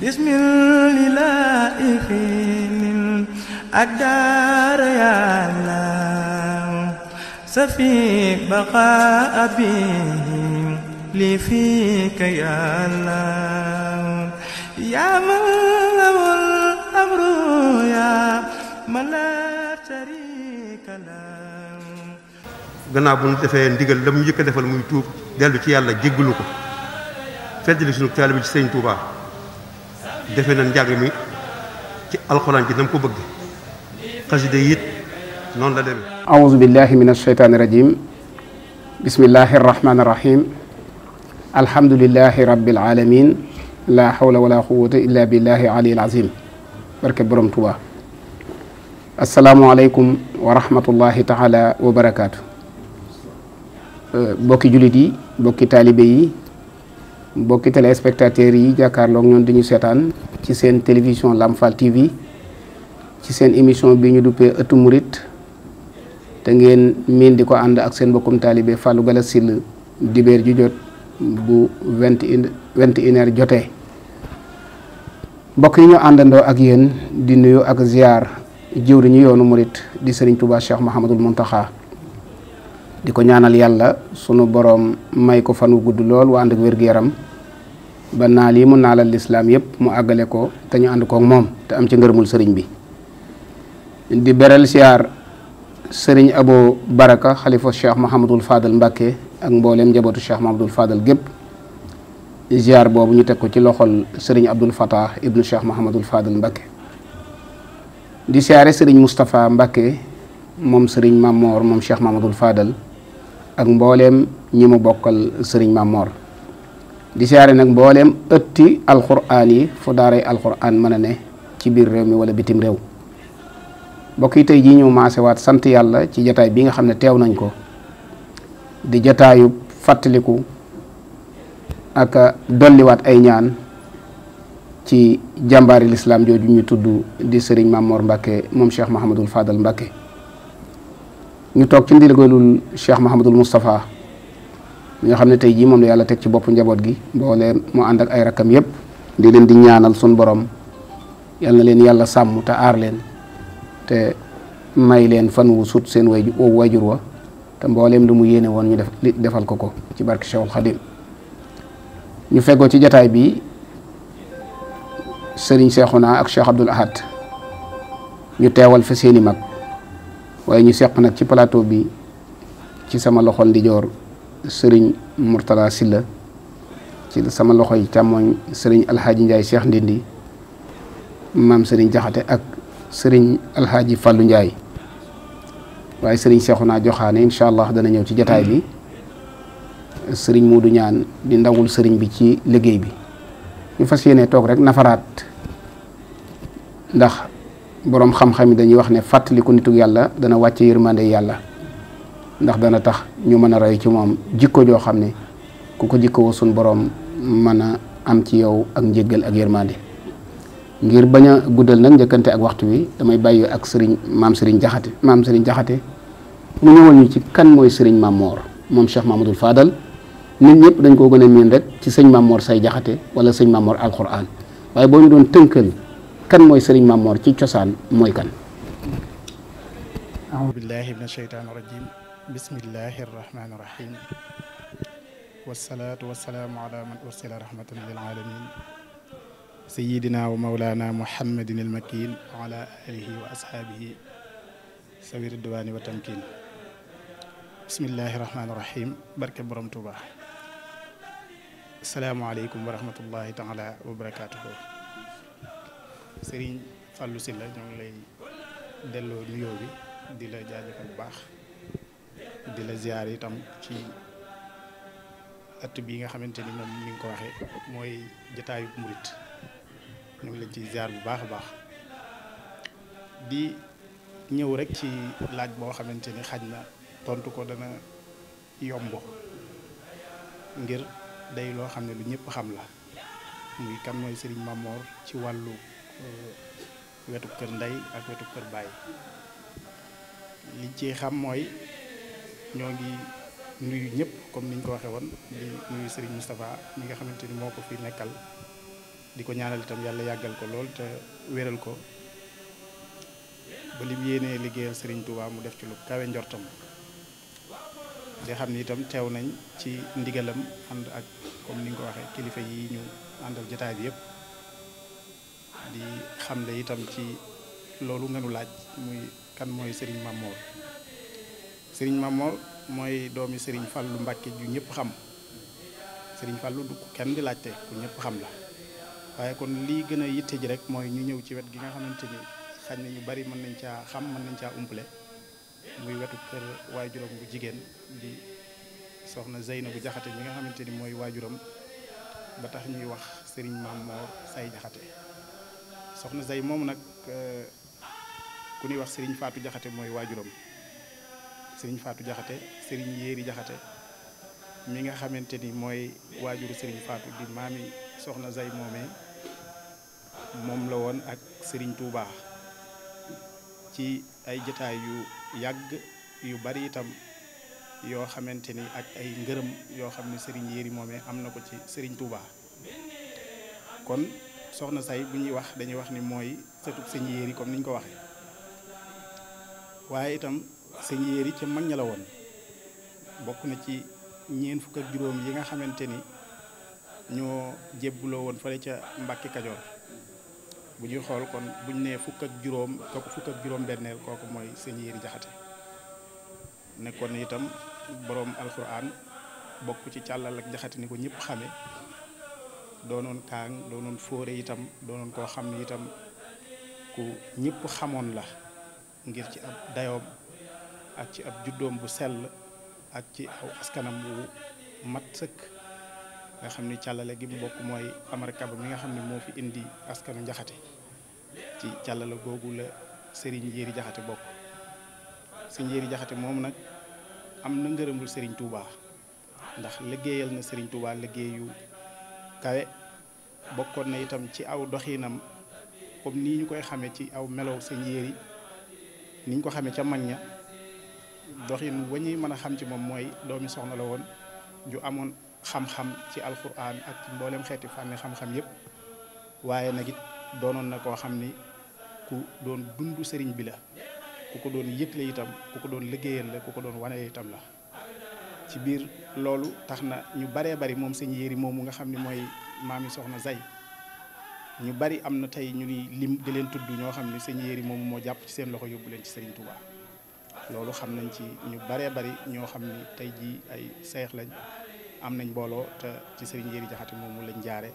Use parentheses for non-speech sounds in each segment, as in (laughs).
bismillahi fiinil أدار يا الله سفي بقاء أبيهم لي فيك يا الله يا من له الأمر يا من لا شريك له gannaaw bu ñu defee ndigal la mu njëkk a defal muy tuub dellu ci yàlla jéggalu ko fedd li sunu taalibe ci Sëñ Tuubaa defe na njàng mi ci alxuraan ji na mu ko bëgg xasida yi it noonu la demee aouzu billahi min asheytaani rajim bismillahi arrahmani arrahim alhamdulilahi rabbil alamin la hawla wala quwwata illa billahi aliyil azim barke borom Tuubaa asalaamualeykum wa rahmatullahi taala wa barakaatu bokki jullit yi bokki taalibe mbokki téléspectateurs yi jàkkaarloog ñoom di ñu seetaan ci seen télévision Lamfal TV ci seen émission bi ñu duppee ëttu murit te ngeen miin di ko ànd ak seen mbokkum taalibe Fallou Galass Syll dibéer ju jot bu vingt une vingt une heure jotee mbokk yi ñu àndandoo ak yéen di nuyu ak ziar jëwriñu yoonu murit di Serigne Touba Cheikh Mahamadul Muntaxa di ko ñaanal yàlla sunu boroom may ko fan wu gudd lool waa ànd ak wér yaram ba naal yi mu naalal lislaam yëpp mu àggale ko te ñu ànd kook moom te am ci ngërëmul sëriñ bi di beral siyaar sëriñ abo baraka xalifa cheikh mahamadul fadal mbàkke ak mbooleem njabootu cheikh mahamadul fadal gépp ziar boobu ñu teg ko ci loxol sëriñ abdul fatah ibnu cheikh mahamadul fadal mbàkke di siyaare sëriñ moustapha mbàkke moom sëriñ mamoor moom cheikh mahamadul fadal ak mbooleem ñi mu bokkal sëriñ mamoor di siyaare nag mbooleem ëtti alxuraan yi fu daaray alxuraan mën a ne ci biir réew mi wala bitim réew mbokk yi tey jii ñu maasewaat sant yàlla ci jataay bi nga xam ne teew nañ ko di jataayu fàttaliku ak dolliwaat ay ñaan ci jàmbaari lislaam jooju ñu tudd di sëriñ Mamor Mbacke moom Cheikh Mahamadul Fadal Mbacke ñu toog ci ndigalul Cheikh Mahamadul Moustapha mi nga xam ne tey jii moom la yàlla teg ci bopp njaboot gi leen mu ànd ak ay rakkam yépp di leen di ñaanal sun borom yal na leen yàlla sàmm te aar leen te may leen fan wu sut seen way wayjur wa te mbooleem lu mu yéene woon ñu def defal ko ko ci barke Cheikhul Khadim ñu feggoo ci jataay bi Serigne naa ak Cheikh Abdoul Ahad ñu teewal fa seeni mag waaye ñu seq nag ci plateau bi ci sama loxol ndijoor sëriñ Mourtala Silla ci sama loxo loxoy càmmooñ sëriñ alxaaji Ndiaye Cheikh Ndindi maam sëriñ Jaxate ak sëriñ alxaaji Fallou Ndiaye waaye sëriñ naa Joxaane incha allah dana ñëw ci jataay bi sëriñ du ñaan di ndawul sëriñ bi ci liggéey bi ñu fas yéene toog rek nafaraat ndax boroom xam-xam yi dañuy wax ne fàttaliku nituk yàlla dana wàcce yërmande yàlla ndax dana tax ñu mën a roy ci moom jikko joo xam ne ku ko jikko woo boroom mën a am ci yow ak njéggal ak yërmande ngir bañ a guddal nag njëkkante ak waxtu wi damay bàyyi ak sëriñ maam sëriñ jaxate maam sëriñ jaxate mu ñëwal ñu ci kan mooy sëriñ maam moor moom Cheikh Mahmadul Fadal nit ñëpp dañ koo gën a rek ci sëñ maam moor say jaxate wala sëñ maam moor alquran waaye boo ñu doon tënkal kan mooy sëriñ maam moor ci cosaan mooy kan bismillahi arrahmani irrahim wasalaatu wasalaamu ala man ursila rahmatan lil alamin sayidina wa maulana muhammadin al makin alihi wa ashaabihi sawi ridwaani tamkin bismillahi rahmani irrahim barke borom Tuuba asalaamualeykum wa rahmatullahi taala bu baax di la ziar itam ci ëtt bii nga xamante ni moom ni nga ko waxee mooy jotaayu murit ñu ngi la ci ziar bu baax a baax di ñëw rek ci laaj boo xamante ni xaj na tontu ko dana yomb ngir day loo xam ne lu ñëpp xam la muy kan mooy sëriñ Mamor ci wàllu uh, wetu kër ndey ak wetu kër baay li ci xam mooy ñoo ngi nuyu ñëpp comme niñ ko waxee woon di nuyu Serigne Moustapha mi nga xamante ni moo ko fi nekkal di ko ñaanal itam yàlla yàggal ko lool te wéral ko ba li mu yéenee liggéeyal Serigne Touba mu def ci lu kawe njortam di xam ni itam teew nañ ci ndigalam ànd ak comme ni ko waxee kilifa yi ñu àndal jotaay bi yëpp di xamle itam ci loolu ngeen laaj muy kan mooy Serigne Mamour. sëriñ Mamor mooy doomi sëriñ lu Mbacke ju ñëpp xam sëriñ Fallou du kenn di laajte ku ñëpp xam la waaye kon lii gën a yitte ji rek mooy ñu ñëw ci wet gi nga xamante ni xañ na ñu bari mën nañ caa xam mën nañ caa umple muy wetu kër waajuram bu jigéen di soxna Zeynabu Jaxate mi nga xamante ni mooy waajuram ba tax ñuy wax sëriñ Mamor say Jaxate soxna Zey moom nag euh, ku nuy wax sëriñ Faatu Jaxate mooy waajuram sëriñ faatu Diakhaté sëriñ Yéeri Diakhaté mi nga xamante ni mooy waajuru sëriñ Fatou di maami soxna say moomee moom la woon ak sëriñ Touba ci ay jataay yu yàgg yu bari itam yoo xamante ni ak ay ngërëm yoo xam ne sëriñ Yéeri moomee am na ko ci sëriñ Touba kon soxna say bu ñuy wax dañuy wax ni mooy sëtub sëñ Yéeri comme niñ ko waxee waaye itam sëñ yéer yi ca la woon bokk na ci ñeen fukk ak juróom yi nga xamante ni ñoo jébbuloo woon fële ca Mbàkke Kajoor bu ñuy xool kon buñ nee fukk ak juróom kooku benneel kooku mooy sëñ yéer jaxate nekkoon itam boroom alxuraan bokk ci càllal ak jaxate ni ko ñëpp xame doonoon kaang itam doonoon koo xam ne itam ku ñëpp xamoon la ngir ci ab dayoom ak ci ab juddoom bu sell ak ci aw askanam bu mat sëkk nga xam ni càllale gi mu bokk mooy Amar Kaba mi nga xam ni moo fi indi askanu njaxate ci càllale googu la sëriñ njéeri jaxate bokk si njéeri jaxate moom nag am na ngërëmul sëriñ Touba ndax liggéeyal na sëriñ Touba liggéeyu kawe bokkoon na itam ci aw doxinam comme nii ñu koy xamee ci aw melow sa njéeri ni ñu ko xamee ca mag ña doxin wa ñuy mën a xam ci moom mooy doomi soxna la woon ju amoon xam-xam ci alquran ak ci mboolem xeeti fànni xam-xam yëpp waaye nag it doonoon na koo xam ni ku doon dundu sëriñ bi la ku ko doon la itam ku ko doon liggéeyal la ku ko doon wane itam la ci biir loolu tax na ñu baree bari moom sëñ yéri moomu nga xam ni mooy maami soxna Zay ñu bari am na tey ñu ni lim di leen tudd ñoo xam ne sëñ yéri moomu moo jàpp ci seen loxo yóbbu leen ci sëriñ Touba. loolu xam nañ ci ñu baree bari ñoo xam ni tey jii ay seex lañ am nañ mbooloo te ci Serigne Njeri Jaxate moomu lañ jaare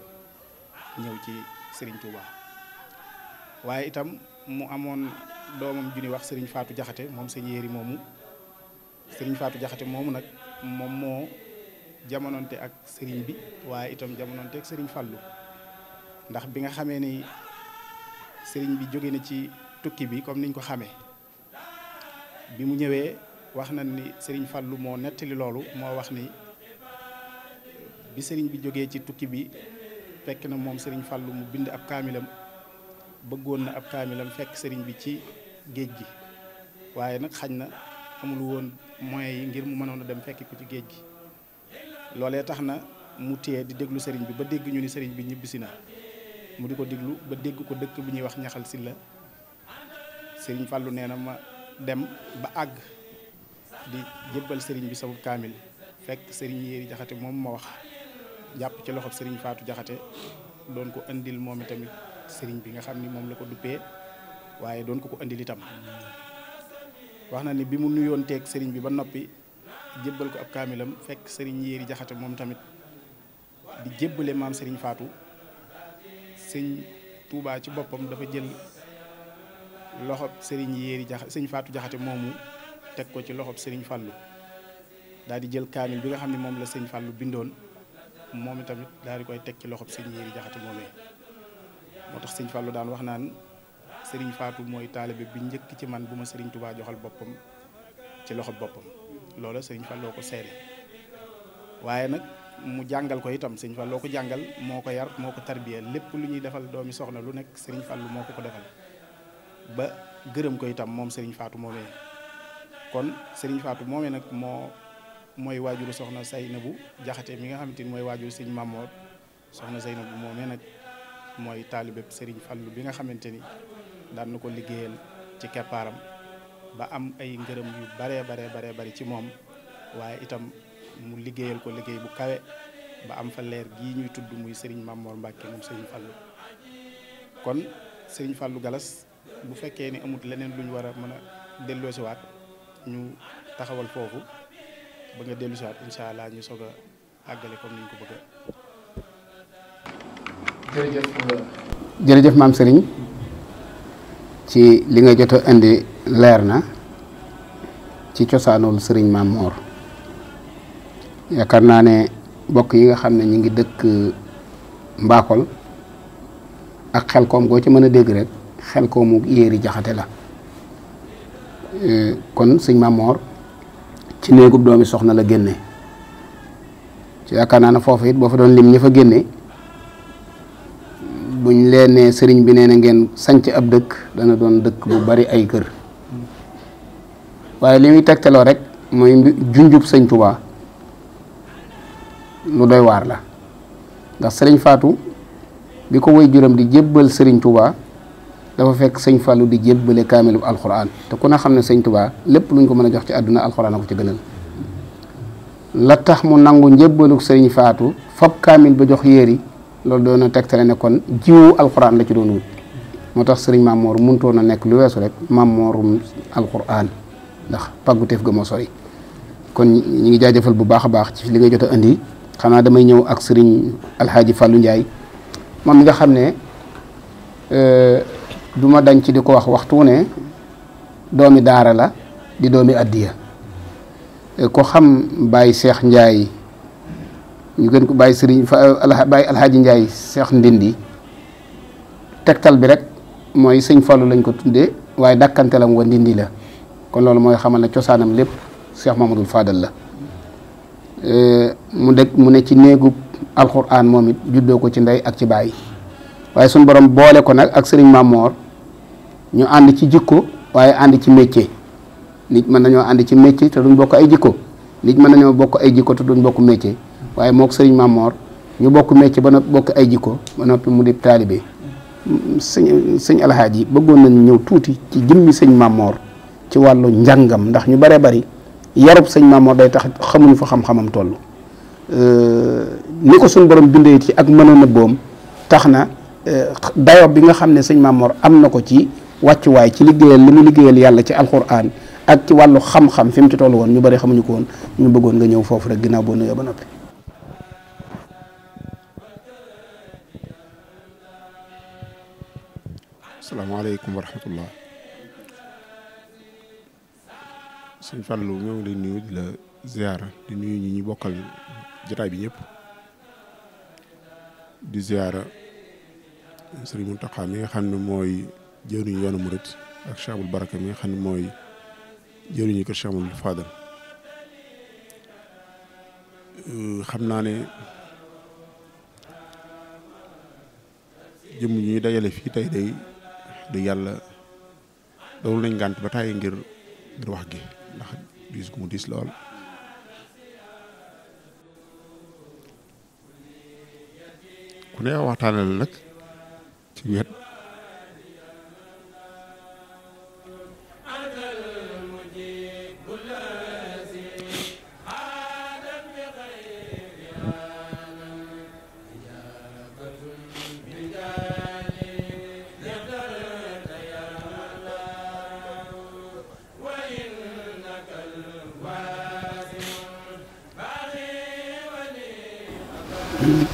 ñëw ci Serigne Touba waaye itam mu amoon doomam ju ñuy wax sëriñ faatu Jaxate moom sëñ Yéri moomu Serigne Fatou Jaxate moomu nag moom moo jamononte ak Serigne bi waaye itam jamononte ak sëriñ Fallou ndax bi nga xamee ni sëriñ bi jóge na ci tukki bi comme niñ ko xamee bi mu ñëwee wax na ni sëriñ Fallou moo nettali loolu moo wax ni bi sëriñ bi jógee ci tukki bi fekk na moom sëriñ Fallou mu bind ab kaamilam bëggoon na ab kaamilam fekk sëriñ bi ci géej gi waaye nag xañ na amul woon moyens yi ngir mu mënoon dem fekki ko ci géej gi loolee tax na mu téye di déglu sëriñ bi ba dégg ñu ni Serigne bi ñibbisi na mu di ko déglu ba dégg ko dëkk bi ñuy wax ñaxal si la Serigne Fallou ma. dem ba àgg di jébbal sëriñ bi sama kaamil fekk sëriñ yéeri jaxate moom ma wax jàpp ci loxob sëriñ faatu jaxate doon ko indil moom itamit sëriñ bi nga xam ni moom la ko duppee waaye doon ko ko andil wax na ni bi mu nuyoon teeg sëriñ bi ba noppi jébbal ko ab kaamilam fekk sëriñ yéeri jaxate moom tamit di jébbale maam sëriñ faatu sëñ Tuubaa ci boppam dafa jël loxob sëriñ yéeri jax sëñ faatu jaxate moomu teg ko ci loxob sëriñ fàllu daal di jël kaamil bi nga xam ne moom la sëñ fàllu bindoon moom tamit daal di koy teg ci loxob sëñ yéeri jaxate moomee moo tax sëñ fallu daan wax naan sëriñ faatu mooy taalibe bi njëkk ci man bu ma sëriñ tubaa joxal boppam ci loxob boppam loola sëriñ fàlloo ko seere waaye nag mu jàngal ko itam sëñ fàlloo ko jàngal moo ko yar moo ko tarbiya lépp lu ñuy defal doomi soxna lu nekk sëriñ fàllu moo ko ko defal ba gërëm ko itam moom Serigne Fatou moomee kon Serigne Fatou moomee nag moo mooy waajuru soxna Saynabu jaxate mi nga xamante ni mooy waajuru Serigne Mamoor soxna Saynabu moomee nag mooy taalibe Serigne Fallu bi nga xamante ni daan na ko liggéeyal ci keppaaram ba am ay ngërëm yu baree baree baree bari ci moom waaye itam mu liggéeyal ko liggéey bu kawe ba am fa leer gii ñuy tudd muy Serigne Mamoor Mbàkke moom Serigne Fallu kon sëriñ Fallu Galas bu fekkee ni amut leneen lu ñu war a mën a delloosiwaat ñu taxawal foofu ba nga delloosiwaat incha allah ñu soog a àggale comme ñu ko bëgg jërëjëf jërëjëf maam Serigne ci li nga jot a indi leer na ci cosaanul Serigne Maam Mor yaakaar naa ne bokk yi nga xam ne ñu ngi dëkk mbaakol ak xel koom goo ci mën a dégg rek. xel ko mu yéeri jaxate la euh, kon sëñ Mamor ci néegub doomi soxna la génne ci yaakaar naa ne foofu it boo fa doon lim ña fa génne buñ leen nee sëriñ bi nee na ngeen sanc ab dëkk dana doon dëkk bu bari ay kër waaye li muy tegtaloo rek mooy junjub sëñ Touba lu doy waar la ndax sëriñ Fatou bi ko woy juram di jébbal sëriñ Touba. dafa fekk sëñ falu di jébbale kaamilu alxuraan te ku ne xam ne sëñ Tuubaa lépp lu ñu ko mën a jox ci àdduna alxuraan a ko ci gënal la tax mu nangu njébbalu sëñ Faatu fab kaamil ba jox yéeri loolu doon na tegtale ne kon jiwu alxuraan la ci doon wut moo tax sëriñ Maam Moor mënutoon a nekk lu weesu rek Maam Moorum alxuraan ndax pàggu teef ga moo sori kon ñi ngi jaajëfal bu baax a baax ci li nga jot a indi xanaa damay ñëw ak sëriñ Alxaaji Fàllu Njaay moom mi nga xam ne euh, du ma dañ ci di ko wax waxtu ne doomi daara la di doomi addiya eh, ko xam Baye Cheikh Ndiaye ñu gën ko Baye sëriñ fa eh, Baye Alxaaji Ndiaye Cheikh Ndindi tegtal bi rek mooy sëñ Fallou lañ ko tuddee waaye dakkantelam wa Ndindi la kon loolu mooy xamal ne cosaanam lépp Cheikh Mamadou Fadal la eh, mu dëkk mu ne ci néegub alxuraan moom it juddoo ko ci ndey ak ci baay waaye suñu borom boole ko nag ak Serigne Mamor ñu ànd ci jikko waaye ànd ci métier nit mën nañoo ànd ci métier te duñ bokk ay jikko nit mën nañoo bokk ay jikko te duñ bokk métier waaye mook sëriñ Mamor ñu bokk métier ba noppi bokk ay jikko ba noppi mu di taalibe sëñ sëñ alxaaj yi bëggoon nañ ñëw tuuti ci jëmmi sëñ Mamor ci wàllu njàngam ndax ñu bare bari yarub sëñ Mamor day tax xamuñu fa xam-xamam toll ni ko suñ borom bindee ci ak mën a nëbboom tax na dayo bi nga xam ne sëñ Mamor am na ko ci wàccuwaay ci liggéeyal li mu liggéeyal yàlla ci alxuraan ak ci wàllu xam-xam fi ci toll woon ñu bari xamuñu ko woon ñu bëggoon nga ñëw foofu rek ginnaaw boo nuyoo ba nuyu di la ziara di nuyu ñi ñu bokkal jotaay bi ñëpp di ziara sëriñ Mountakha mi nga xam ne mooy. jëwriñu yoonu murit ak Cheikh Baraka mi nga xam ne mooy jëwriñu ko Cheikh Abdou euh, xam naa ne jëmm ñuy dajale fii tey day du yàlla loolu nañ gànt ba tàyyi ngir ngir wax gi ndax diis gu mu diis lool ku ne waxtaanal nag ci wet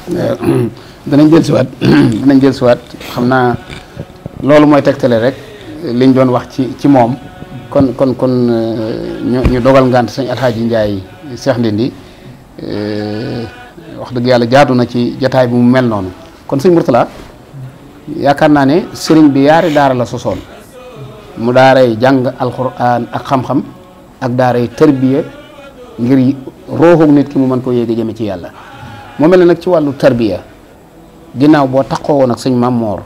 Euh, (clears throat) danañ jël siwaat (clears throat) danañ siwaat xam naa loolu mooy tegtale rek liñ doon wax ci ci moom kon kon kon euh, ñu dogal ngànt sëñ alxaaji Njaay Seex Ndindi euh, wax dëgg yàlla jaadu na ci jataay bi mu mel noonu kon sëñ Murtala yaakaar naa ne sëriñ bi yaari daara la sosoon mu daaray jàng alxuraan ak xam-xam ak daaray tërbiye ngir rooxu nit ki mu mën koo yéege jëme ci yàlla moo mel ne nag ci wàllu tarbiya ginnaaw boo taxoo woon ak sëñ Maam Moor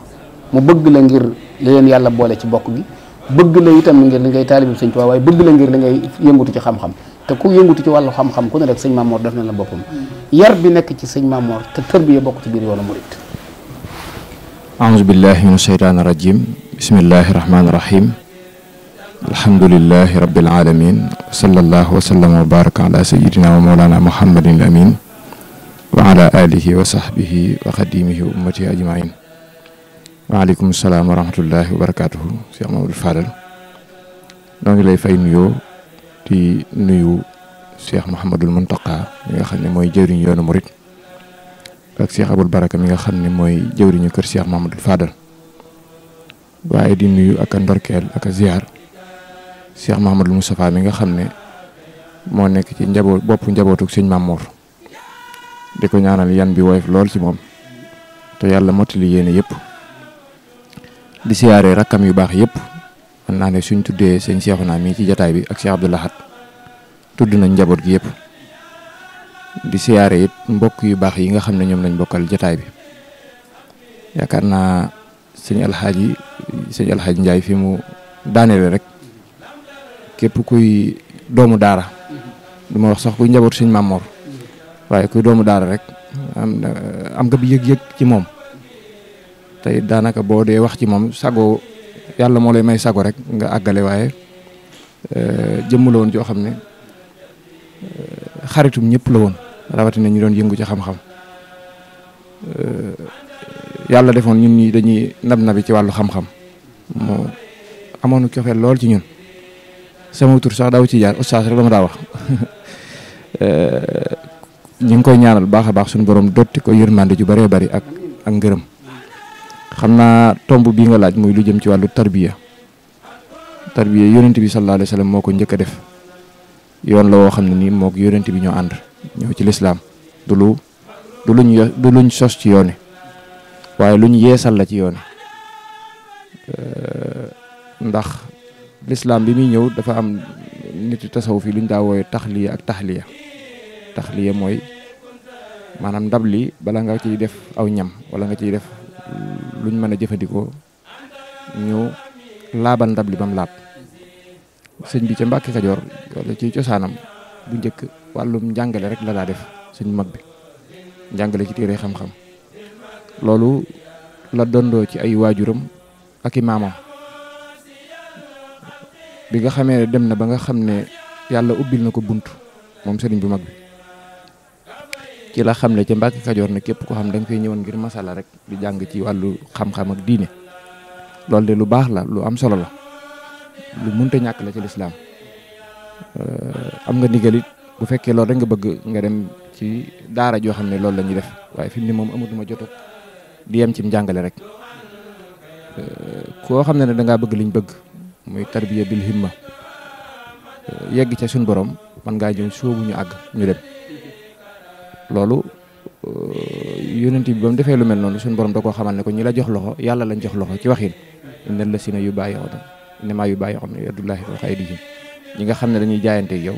mu bëgg la ngir li leen yàlla boole ci bokk gi bëgg la itam ngir li ngay taalibi sëñ Tuubaa waaye bëgg la ngir li ngay yëngutu ci xam-xam te ku yëngutu ci wàllu xam-xam ku ne rek sëñ Maam Moor def na la boppam yar bi nekk ci sëñ Maam Moor te tarbiya bokk ci biir yoonu murit aouzu billahi min asheytaani rajim bismillahi rahmaani rahim alhamdulilahi rabbil alamin wa sallallahu wa sallama wa baraka ala sayidina wa mawlana muhammadin amin wa ala alihi wa sahbihi wa xadimihi wa ummatihi ajmain waaleykum salaam wa rahmatullahi wa barakatuhu Cheikh Mamadou Fadal noo ngi lay fay nuyoo di nuyu Cheikh Mouhamadul Mountakha mi nga xam ne mooy jëwriñu yoonu murit ak mi nga xam ne mooy jëwriñu kër Cheikh Mouhamadul Fadal waaye di nuyu ak a ndorkeel ak a ziar Cheikh Mouhamadul Moustapha mi nga xam ne moo nekk ci njaboot boppu njabootuk sëñ Mamour di ko ñaanal yan bi woyof lool ci moom te yàlla mottali yéene yëpp di siyaaree rakkam yu baax yëpp mën naa ne suñ tuddee sëñ Cheikhouna mii ci jataay bi ak Cheikh Abdou Lahad tudd nañ njaboot gi yëpp di siyaare it mbokk yu baax yi nga xam ne ñoom lañ bokkal jataay bi yaakaar naa sëñ alxaaji sëñ alxaaji Njaay fi mu daaneele rek képp kuy doomu daara du ma wax sax kuy njaboot sëñ Mamor waaye kuy doomu daara rek am am nga bi yëg-yëg ci moom tey daanaka boo dee wax ci moom sago yàlla moo lay may sago rek nga àggale waaye eh, jëmm la woon joo xam ne eh, xaritum ñëpp la woon rawatina ñu doon yëngu ci xam-xam eh, yàlla defoon ñun ñi dañuy nab nabi ci wàllu xam-xam moo amoon coxeel lool ci ñun sama tur sax daaw ci jaar oustaz rek dama daa wax (laughs) ñu ngi koy ñaanal baax a baax suñu borom dotti ko yërmande ju bëree bëri ak ak ngërëm xam naa tomb bii nga laaj muy lu jëm ci wàllu tarbiya tarbiya yonent bi sallallahu moo ko njëkk a def yoon la woo xam ne nii moog yonent bi ñoo ànd ñëw ci lislaam lu du luñ sos ci yoone waaye luñ yeesal la ci yoone ndax lislaam bi muy ñëw dafa am nit yu tasaw fii luñ daa wooye taxliya ak taxliya tax taxliya mooy maanaam ndab li bala nga ciy def aw ñam wala nga ciy def luñ mën a jëfandikoo ñu laabal ndab li ba laab sëñ bi ca Mbàkke Kajoor wala ci cosaanam bu njëkk wàllum njàngale rek la daa def suñ mag bi njàngale ci téere xam-xam loolu la dondoo ci ay waajuram ak i maamam bi nga xamee dem na ba nga xam ne yàlla ubbil na ko bunt moom sëriñ bu mag bi ci la xam ne ca Mbàkke Kajoor na képp ko xam da nga fay ñëwoon ngir masala rek di jàng ci wàllu xam-xam ak diine loolu de lu baax la lu am solo la lu mënta ñàkk la ci lislaam euh, am nga ndigal it bu fekkee loolu rek nga bëgg nga dem ci daara joo xam ne loolu la def waaye fi mu ne moom amatuma jot di yem ci mu jàngale rek euh, koo xam ne ne da bëgg liñ bëgg muy tarbiya bil ma yegg ca suñu borom man ngaa jëm soobu ñu àgg ñu dem. loolu euh, yonent bi ba mu defee lu mel noonu suñu borom da koo xamal ne ko ñi la jox loxo yàlla lañ jox loxo ci waxin ne la si ne yu bàyyi woon ne maa yu bàyyi woon yadullahi wa aydihim ñi nga xam ne dañuy jaayante yow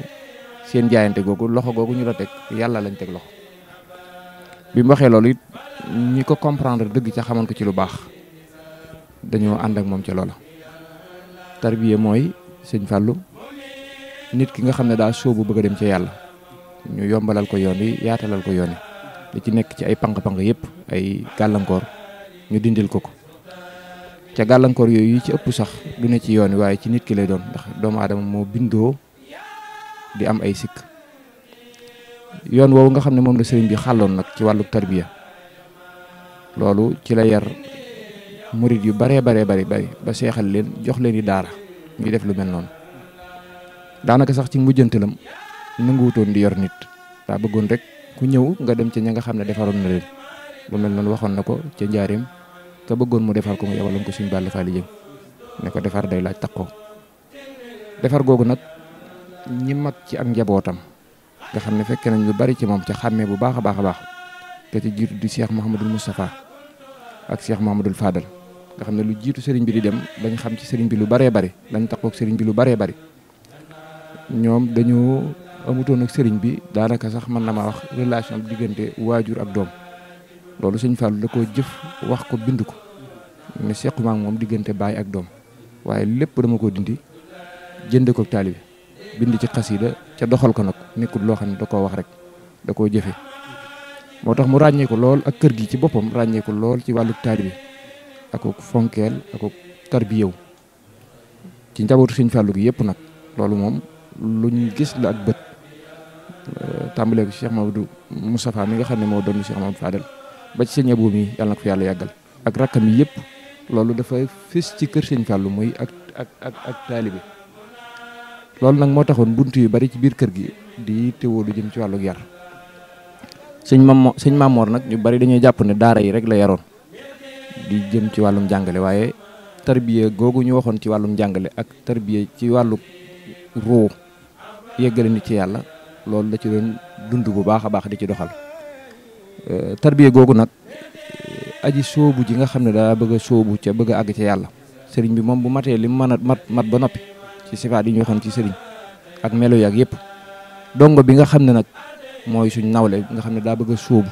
seen jaayante googu loxo googu ñu la teg yàlla lañ teg loxo bi waxee loolu it ñi ko comprendre dëgg ca xamoon ko ci lu baax dañoo ànd ak moom ca loola. tarbiya mooy sëñ Fallou nit ki nga xam ne daa sóobu bëgg a dem ca yàlla. ñu yombalal ko yoon wi yaatalal ko yoon wi li ci nekk ci ay panq-panq yëpp ay gàllankoor ñu dindil ko ko ca gàllankoor yooyu yi ci ëpp sax du ne ci yoon wi waaye ci nit ki lay doon ndax doomu adama moo bindoo di am ay sikk yoon woowu nga xam ne moom la sëriñ bi xàlloon nag ci wàllu tarbiya loolu ci la yar murit yu baree baree bari bari ba seexal leen jox leen yi daara ñuy def lu mel noonu daanaka sax ci mujjantalam nanguwutoon di yor nit daa bëggoon rek ku ñëw nga dem ci ña nga xam ne defaroon na leen lu mel noonu waxoon na ko ca njaareem ka bëggoon mu defar ko mu yabaloon ko suñu Balla Fally jëm ne ko defar day laaj takkoo defar googu nag ñi mag ci ak njabootam nga xam ne fekke nañ lu bari ci moom ca xàmmee bu baax a baax a baax te ci jiitu di Cheikh Mouhamadul Moustapha ak Cheikh Mouhamadul Fadal nga xam ne lu jiitu sëriñ bi di dem dañ xam ci sëriñ bi lu baree bari dañ taxaw sëriñ bi lu baree bari amutoon ak sëriñ bi daanaka sax man na ma wax relation bi diggante waajur ak doom loolu sëñ Fallou da koo jëf wax ko bind ko ne sequma moom diggante baay ak doom waaye lépp dama ko dindi jënde ko taalibe bind ci xasida ca doxal ko nag nekkul loo xam ne da koo wax rek da koo jëfe moo tax mu ràññee lool ak kër gi ci boppam ràññee ko lool ci wàllu taalibe ak ko fonkeel ak ko tarbiyew ci njabootu sëñ Fallou gi yëpp nag loolu moom lu ñu gis la ak bët Euh, tàmbalee ko Cheikh Mamadou Moustapha mi nga xam ne moo doon Cheikh Mamadou Fadel ba ci sëñ Abou mi yàlla na fi yàlla yàggal ak rakkam yi yëpp loolu dafa fës ci kër sëñ Fallou muy ak ak ak loolu nag moo taxoon bunt yu bari ci biir kër gi di teewoo lu jëm ci wàllu yar sëñ Mamo sëñ Mamoor nag ñu bari dañuy jàpp ne daara yi rek la yaroon di jëm ci wàllum jàngale waaye tarbiya googu ñu waxoon ci wàllum jàngale ak tarbiya ci wàllu ruu yeggale nit ci yàlla loolu da ci doon dund bu baax a baax di ci doxal euh, tarbiya googu nag euh, aji soobu ji nga xam ne daa bëgg a soobu ca bëgg àgg ca yàlla sëriñ bi moom bu matee li mu mën a mat mat ba noppi ci sifaat yi ñu xam ci sëriñ ak melo yi ak yëpp dongo bi nga xam ne nag mooy suñ nawle nga xam ne daa bëgg a sóobu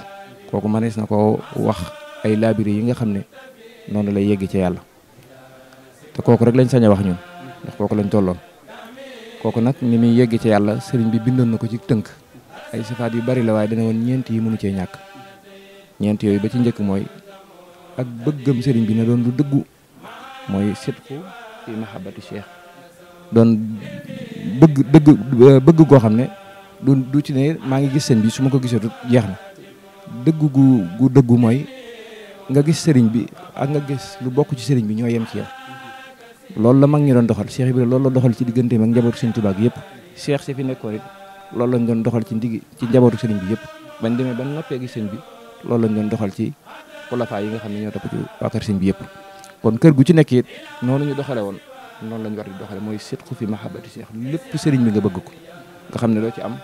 kooku mënees na ko wax ay laabiri yi nga xam ne noonu lay yegg ca yàlla te kooku rek lañ sañ a wax ñun ndax kooku lañ tolloon kooku nag ni muy yegg ci yàlla sëriñ bi bindoon na ko ci tënk ay sifaat yu bari la waaye dana woon ñeent yi mënu cee ñàkk ñeent yooyu ba ci njëkk mooy ak bëggam sëriñ bi na doon lu dëggu mooy sitku fi mahabbati cheikh doon bëgg goo xam ne du du ci ne maa ngi gis sëñ bi su ma ko gisee gisatut jeex na dëgg gu dëggu mooy nga gis sëriñ bi ak nga gis lu bokk ci sëriñ bi ñoo yem ci yow loolu la mag ñi doon doxal Cheikh Ibrahima loolu la doxal ci diggante mag njabootu Sëriñ Tuubaa yëpp Cheikh si fi nekkoon it loolu lañ doon doxal ci ndigi ci njabootu sëriñ bi yëpp bañ demee ba noppee gi sëriñ bi loolu lañ doon doxal ci xulafaa yi nga xam ne ñoo topp ci bi yëpp kon kër gu ci nekk it noonu ñu doxale woon noonu lañu war di doxale mooy sitqu fi mahabbati Cheikh lépp sëriñ bi nga bëgg ko nga xam ne doo ci am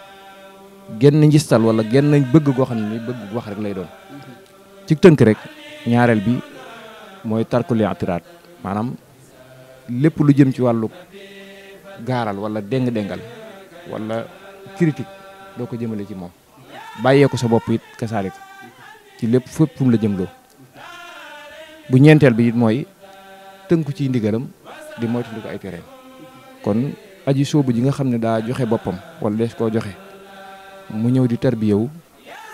genn njistal wala genn bëgg goo xam ne bëgg wax rek lay doon mm-hmm. ci tënk rek ñaareel bi mooy tarkul i'tiraad maanaam lépp lu jëm ci wàllu gaaral wala déng-déngal walla critique doo ko jëmale ci moom bàyyee ko sa bopp it kasaalik ci lépp fépp fu mu la jëmloo bu ñeenteel bi it mooy tënku ciy ndigalam di moytu ko ay tereem kon aji soobu ji nga xam ne daa joxe boppam wala dees koo joxe mu ñëw di tarbiyewu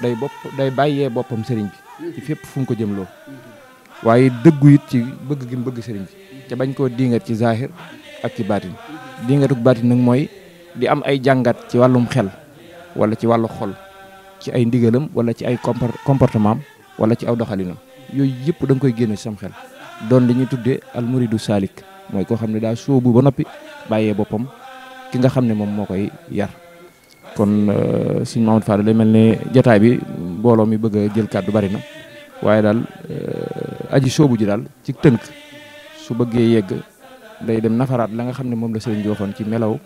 day bopp day bàyyee boppam sëriñ bi ci fépp fu mu ko jëmloo waaye dëggu it ci bëgg gi mu bëgg sëriñ bi te bañ koo diingat ci zahir ak ci baatin diingatuk baatin nag mooy di am ay jàngat ci wàllum xel wala ci wàllu xol ci ay ndigalam wala ci ay comportement wala ci aw doxalina yooyu yëpp da koy génne ci sam xel doon li ñuy tuddee almuridu salik mooy koo xam ne daa sóobu ba noppi bàyyee boppam ki nga xam ne moom moo koy yar kon euh, sëñ Mamadou Fadal day mel ne jotaay bi mbooloo mi bëgg a jël kàddu bari na waaye daal euh, aji sóobu ji daal ci tënk su bëggee yegg day dem nafaraat la nga xam ne moom la sëriñ bi ci melaw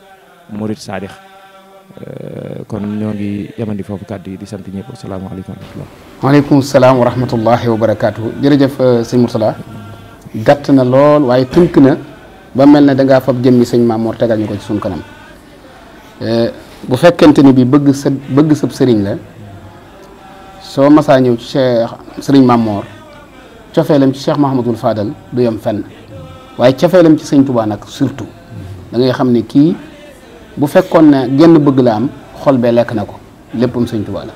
murit saadix euh, kon ñoo ngi yamandi foofu kàddu yi di sant ñëpp asalaamaaleykum wa rahmatulah. waaleykum salaam wa rahmatullahi wa barakaatu jërëjëf euh, sëñ Mourtala na lool waaye tënk na ba mel ne da ngaa fab jëmmi sëñ Maamoor tegal ñu ko ci suñ kanam euh, bu fekkente ni bi bëgg sa sëriñ la soo masaa ñëw ci cheikh sëriñ Maamoor cofeelam ci cheikh Mahamadul Fadal du yem fenn. waaye cafeelam ci sëñ Tuubaa nag surtout da ngay xam ne kii bu fekkoon ne genn bëgg la am xol bee lekk na ko léppam sëñ Tuubaa la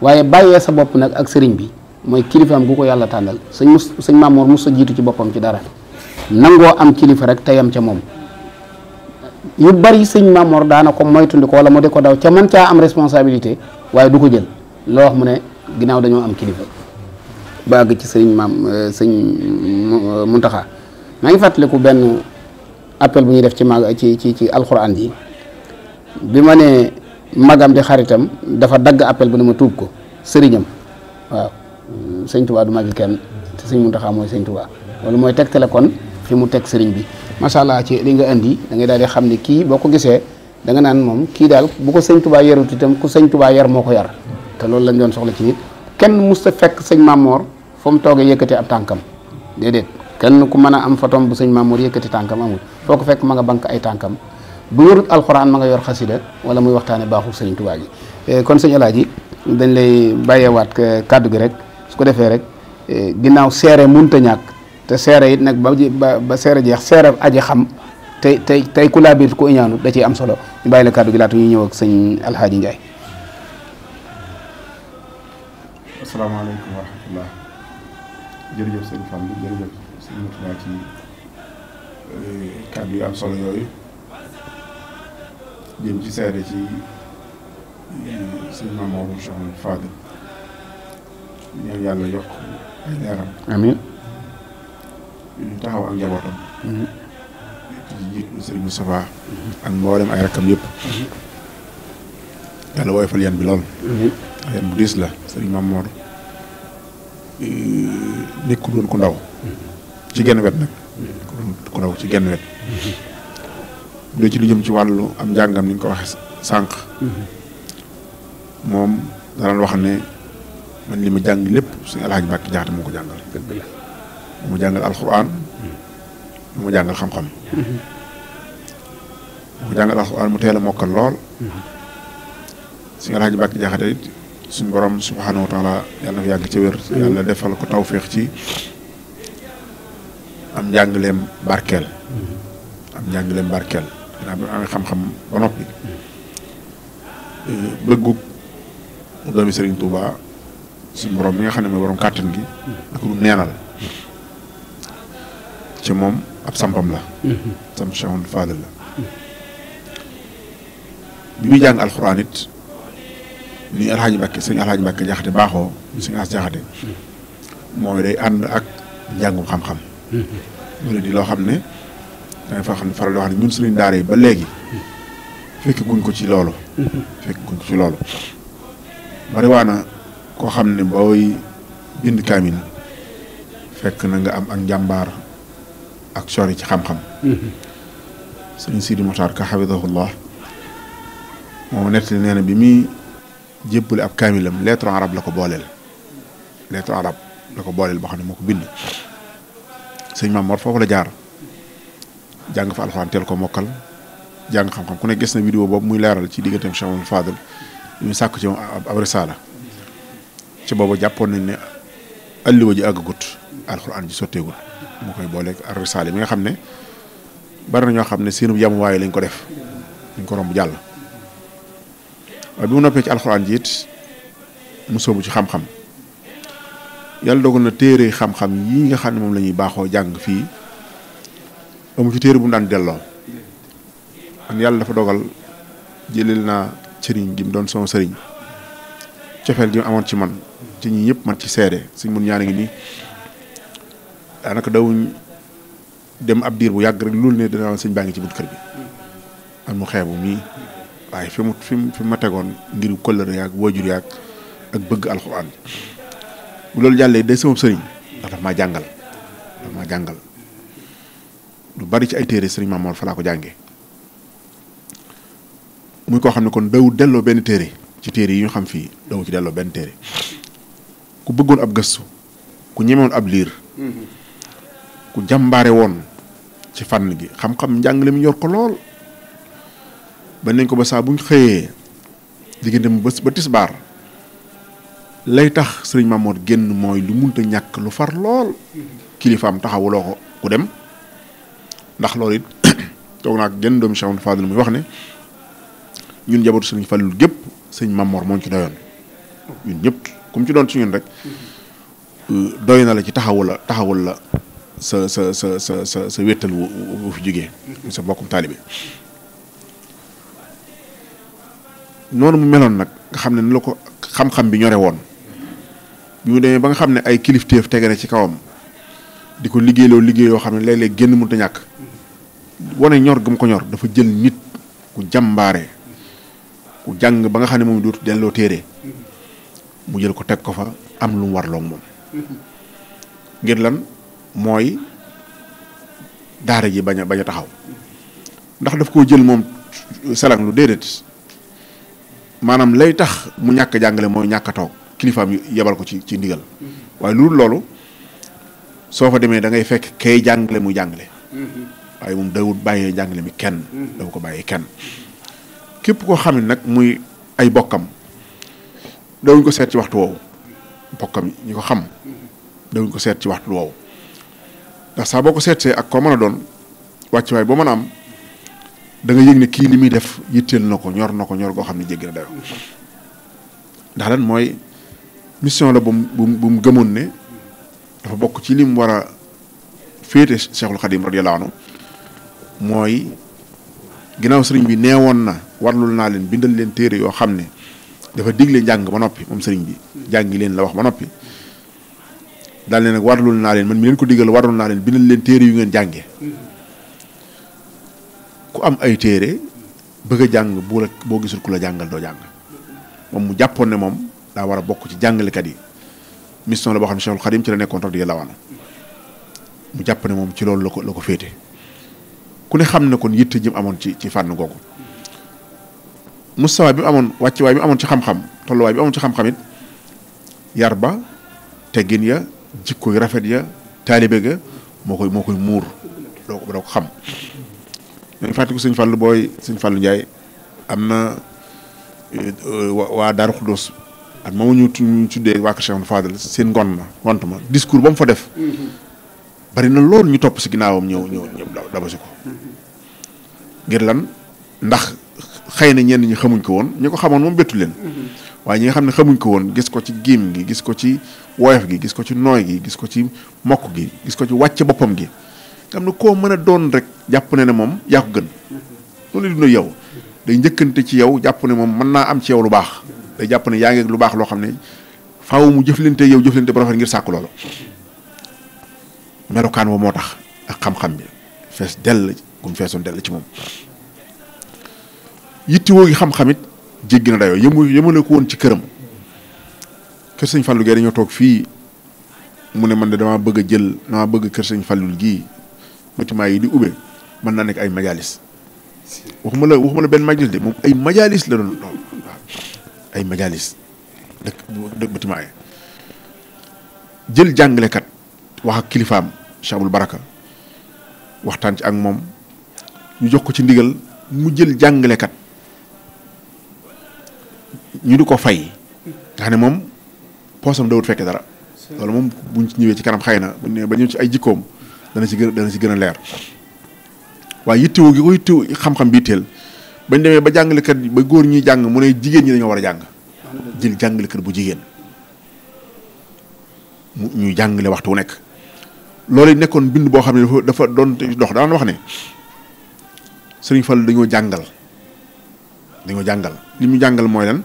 waaye bàyyee sa bopp nag ak sëriñ bi mooy kilifaam gu ko yàlla tànnal sëñ mus sëñ Maamoor mus sa jiitu ci boppam ci dara nangoo am kilifa rek teyam ca moom yu bari sëñ Maamoor daana ko moytundi ko wala mu di daw ca man caa am responsabilité waaye du ko jël loo mu ne ginnaaw dañoo am kilifa ba ci sëñ maam sëñ Muntaxa maa ngi fàttaliku benn appel bu ñuy def ci mag ci ci ci alxuraan ji bi ma nee magam di xaritam dafa dagg appel bu ne ma tuub ko sëriñam waaw sëñ Tuubaa du magi kenn te sëñ Muntaxaa mooy sëñ Tuubaa loolu mooy teg téléphone fi mu teg sëriñ bi macha allah ci li nga indi da ngay daal di xam ne kii boo ko gisee da nga naan moom kii daal bu ko sëñ Tuubaa yarut itam ku sëñ Tuubaa yar moo ko yar te loolu lañ doon soxla ci nit kenn mus sa fekk sëñ Mamoor fa mu toogee yëkkatee ab tànkam déedéet. kenn ku mën a am photom bu sëñ Mamour yëkkati tànkam amul foo ko fekk ma nga bank ay tànkam bu yorut alxuraan ma nga yor xasida wala muy waxtaane baaxul sëñ Tuubaa gi eh, kon sëñ Alaaji dañ lay bàyyeewaat kàddu gi rek su ko defee rek eh, ginnaaw seere munta ñàkk te seere yi nag ba ba seere jeex seere aji xam tey tey tey ku laabir ku iñaanu da ciy am solo ñu bàyyi la kàddu gi laata ñuy ñëw ak sëñ Alxaaji Njaay asalaamaaleykum wa rahmatullah jërëjëf sëñ sëñ Mountakha ci euh, kàddu yu am solo yooyu jëm ci seede ci sëñ Mamadou Cheikh Fadil ñaan yàlla yokk ay leeram amiin yëpp yàlla woyofal yan bi lool yan bu diis la sëñ Mamadou euh, nekkul woon ku ndaw ci genn wet nag ku ci genn dee ci lu jëm ci wàllu am njàngam liñ ko waxee sànq moom daan wax ne man ma jàng lépp suñu alxaaj Mbàkke Jaxate moo ko jàngal moo ma jàngal alxuraan moo ma jàngal xam-xam moo ma jàngal alxuraan mu teel a mokkal lool suñu alxaaj Mbàkke Jaxate it suñu su subhaanahu wa taala yàlla na ko yàgg ci wér mm-hmm. yàlla defal ko tawféex ci am njàngaleem barkeel am njàngaleem barkeel dinaa ba amee xam-xam ba noppi bëggug mu sëriñ Touba suñu borom bi nga xam ne mooy borom kàttan gi ak lu neenal ci moom ab sampam la sam Cheikhul Fadil la bi muy jàng alxuraan it ni alxaaji Mbàkke sëñ alxaaji Mbàkke jaxate baaxoo sëñ as jaxate mooy day ànd ak njàngum xam-xam loo xam ne da fa xam ne faral di wax ne ñun suñu daara yi ba léegi fekk guñ ko ci loolu fekk guñ ko ci loolu bariwaana koo xam ne booy bind kaamil fekk na nga am ak njàmbaar ak sori ci xam-xam sëriñ Sidi Moxtaar ka xafidahullah moom nettali nee na bi muy jébbale ab kaamilam lettre rab la ko booleel lettre arabe la ko booleel boo xam ne moo ko bind sëñ Maam Mor foofu la jaar jàng fa alxuraan teel ko mokkal jàng xam-xam ku ne gis na vidéo boobu muy laaral ci digganteem Cheikh Mamadou Fadal ñu sàkk ci moom ab risaala ci boobu jàppoon nañ ne alliwa ji àggagut alxuraan ji sotteegul mu koy booleeg ak risaala nga xam ne bari na ñoo xam ne seenub yamuwaay lañ ko def dañ ko jàll waaye bi ci alxuraan ji it mu sóobu ci xam-xam. yàlla dogal na téere xam-xam yi nga xam ne moom la ñuy baaxoo jàng fii amu ci téere bu mu daan delloo man yàlla dafa dogal jëlil naa sëriñ gi mu doon soo sëriñ cofeel gi mu amoon ci man ci ñi ñëpp man ci seede suñ mun ñaari ngi nii daanaka dawuñ dem ab diir bu yàgg rek loolu ne dana sëñ baa ngi ci bunt kër bi am mu xeebu mii waaye fi mu fi mu fi ma tegoon ngir kóllëre yaag waajur yaag ak bëgg alxuraan bu loolu jàllee day sama sëriñ ndax daf maa jàngal daf jàngal lu bari ci ay téere sëriñ Maam falaa ko jàngee muy koo xam ne kon daw delloo benn téere ci téere yi ñu xam fii daw ci delloo benn téere ku bëggoon ab gëstu ku ñemewoon ab liir ku jàmbaare woon ci fànn gi xam-xam la mi yor ko lool ba nañ ko ba saa bu ñu xëyee diggante mu ba ba tisbaar lay tax sëriñ Mamoor génn mooy lu munta ñàkk lu far lool kilifaam taxawuloo ko ku dem ndax loolu it (coughs) toog naa ak genn doomu Cheikh Fadil muy wax ne ñun njabootu sëriñ Fallou gépp sëriñ Mamoor moo ci doyoon ñun ñëpp comme ci doon ci ñun rek euh, doy na la ci taxawul la taxawul la sa sa sa sa sa sa wéttal wu fi jógee sa bokkum taalibe noonu mu meloon nag nga xam ne ni la ko xam-xam bi ñore woon bi mu demee ba nga xam ne ay kilifteef tege na ci kawam di ko liggéeyloo liggéey yoo xam ne léeg-léeg génn mënut a ñàkk wane ñor gëm ko ñor dafa jël nit ku jàmbaare ku jàng ba nga xam ne moom dootu delloo téere mu jël ko teg ko fa am lu mu warloo moom ngir lan mooy daara ji bañ a bañ a taxaw ndax daf koo jël moom salang lu déedéet maanaam lay tax mu ñàkk jàngale mooy ñàkk toog kilifaam yu yebal ko ci ci ndigal waaye loolu loolu soo fa demee da ngay fekk kay jàngale mu jàngale waaye moom dawut bàyyee jàngale mi kenn dafa ko bàyyee kenn képp koo xam ne nag muy ay bokkam dawuñ ko seet ci waxtu woowu bokkam ñi ko xam dawuñ ko seet waxtu woowu ndax saa boo ko seetsee ak koo mën a doon wàcc waay boo mën a am da nga yëg ne kii li muy def yitteel na ko ñor na ko ñor goo xam ne jéggi na dayo ndax lan mooy mission la bu mu bu mu gëmoon ne dafa bokk ci mu war a féete Cheikhul Khadim radiyallahu anhu mooy ginnaaw sëriñ bi neewoon na warlul naa leen bindal leen téere yoo xam ne dafa digle jàng ba noppi moom sëriñ bi jàngi leen la wax ba noppi dal ne nag warlul naa leen man mi leen ko digal warlul naa leen bindal leen téere yu ngeen jànge ku am ay téere bëgg a jàng bu la boo gisul ku la jàngal doo jàng moom mu jàppoon ne moom daa war a bokk ci jàngalekat yi mission la boo xam ne Cheikhul ci la nekkoon toog di yalwaan mu jàpp ne moom ci loolu la ko la féete ku ne xam na kon yitte ji mu amoon ci ci fànn googu mustawa bi mu amoon waay bi mu amoon ci xam-xam tolluwaay bi amoon ci xam-xam it ba teggin ya jikko rafet ya taalibe ga moo koy muur doo ko doo ko xam ñooñu fàttiku sëñ Fallou booy suñ Fallou Ndiaye am na eh, waa Daaru Xuddoos at moom ñu ñu tuddee waa Cheikh Fadel seen ngon ma ngont ma discours ba mu fa def. Mm-hmm. bari na loolu ñu topp si ginnaawam ñëw ñëw ñëw daba si ko. Mm-hmm. ngir lan ndax xëy na ñeen ñi xamuñ ko woon ñu ko xamoon moom bettu leen. Mm-hmm. waaye ñi nga xam ne xamuñ ko woon gis ko ci giim gi gis ko ci woyof gi gis ko ci nooy gi gis ko ci mokk gi gis ko ci wàcc boppam gi nga xam ne koo mën a doon rek jàpp ne ne moom yaa ko gën loolu dina yow day njëkkante ci yow jàpp ne moom mën naa am ci yow lu baax day jàpp na yaa ngi lu baax loo xam ne faaw mu jëflante yow jëflante bu rafet ngir sàkk loolu melokaan wa moo tax ak xam-xam bi fees dell gum feesoon ci moom yittewoo gi xam-xam it jéggi na dayoo yëmu yëmale ko woon ci këram kër sëñ Fallou Gueye dañoo toog fii mu ne man de damaa bëgg jël damaa bëgg kër sëñ Fallou gii bâtiment yi di ubbe mën naa nekk ay majalis waxuma la waxuma la benn majalis de moom ay majalis la doon lool ay majalis dëkk dëkk bâtiment yi jël jàngalekat wax ak kilifaam Chabul Baraka waxtaan ci ak moom ñu jox ko ci ndigal mu jël jàngalekat ñu di ko fay nga xam ne moom poosam dawut fekke dara loolu moom buñ ci ñëwee ci kanam xëy na buñ ba ñu ci ay jikkoom dana ci gën a dana ci gën a leer waaye yittewu gi ko yittewu xam-xam bi yitteel bañ demee ba jàngalekat ba góor ñuy jàng mu ne jigéen ñi dañoo war a jàng jël jàngalekat bu jigéen ñu jàngale waxtu nekk loolu nekkoon bind boo xam ne dafa dafa doon dox daan wax ne sëriñ Fall dañoo jàngal dañoo jàngal li mu jàngal mooy lan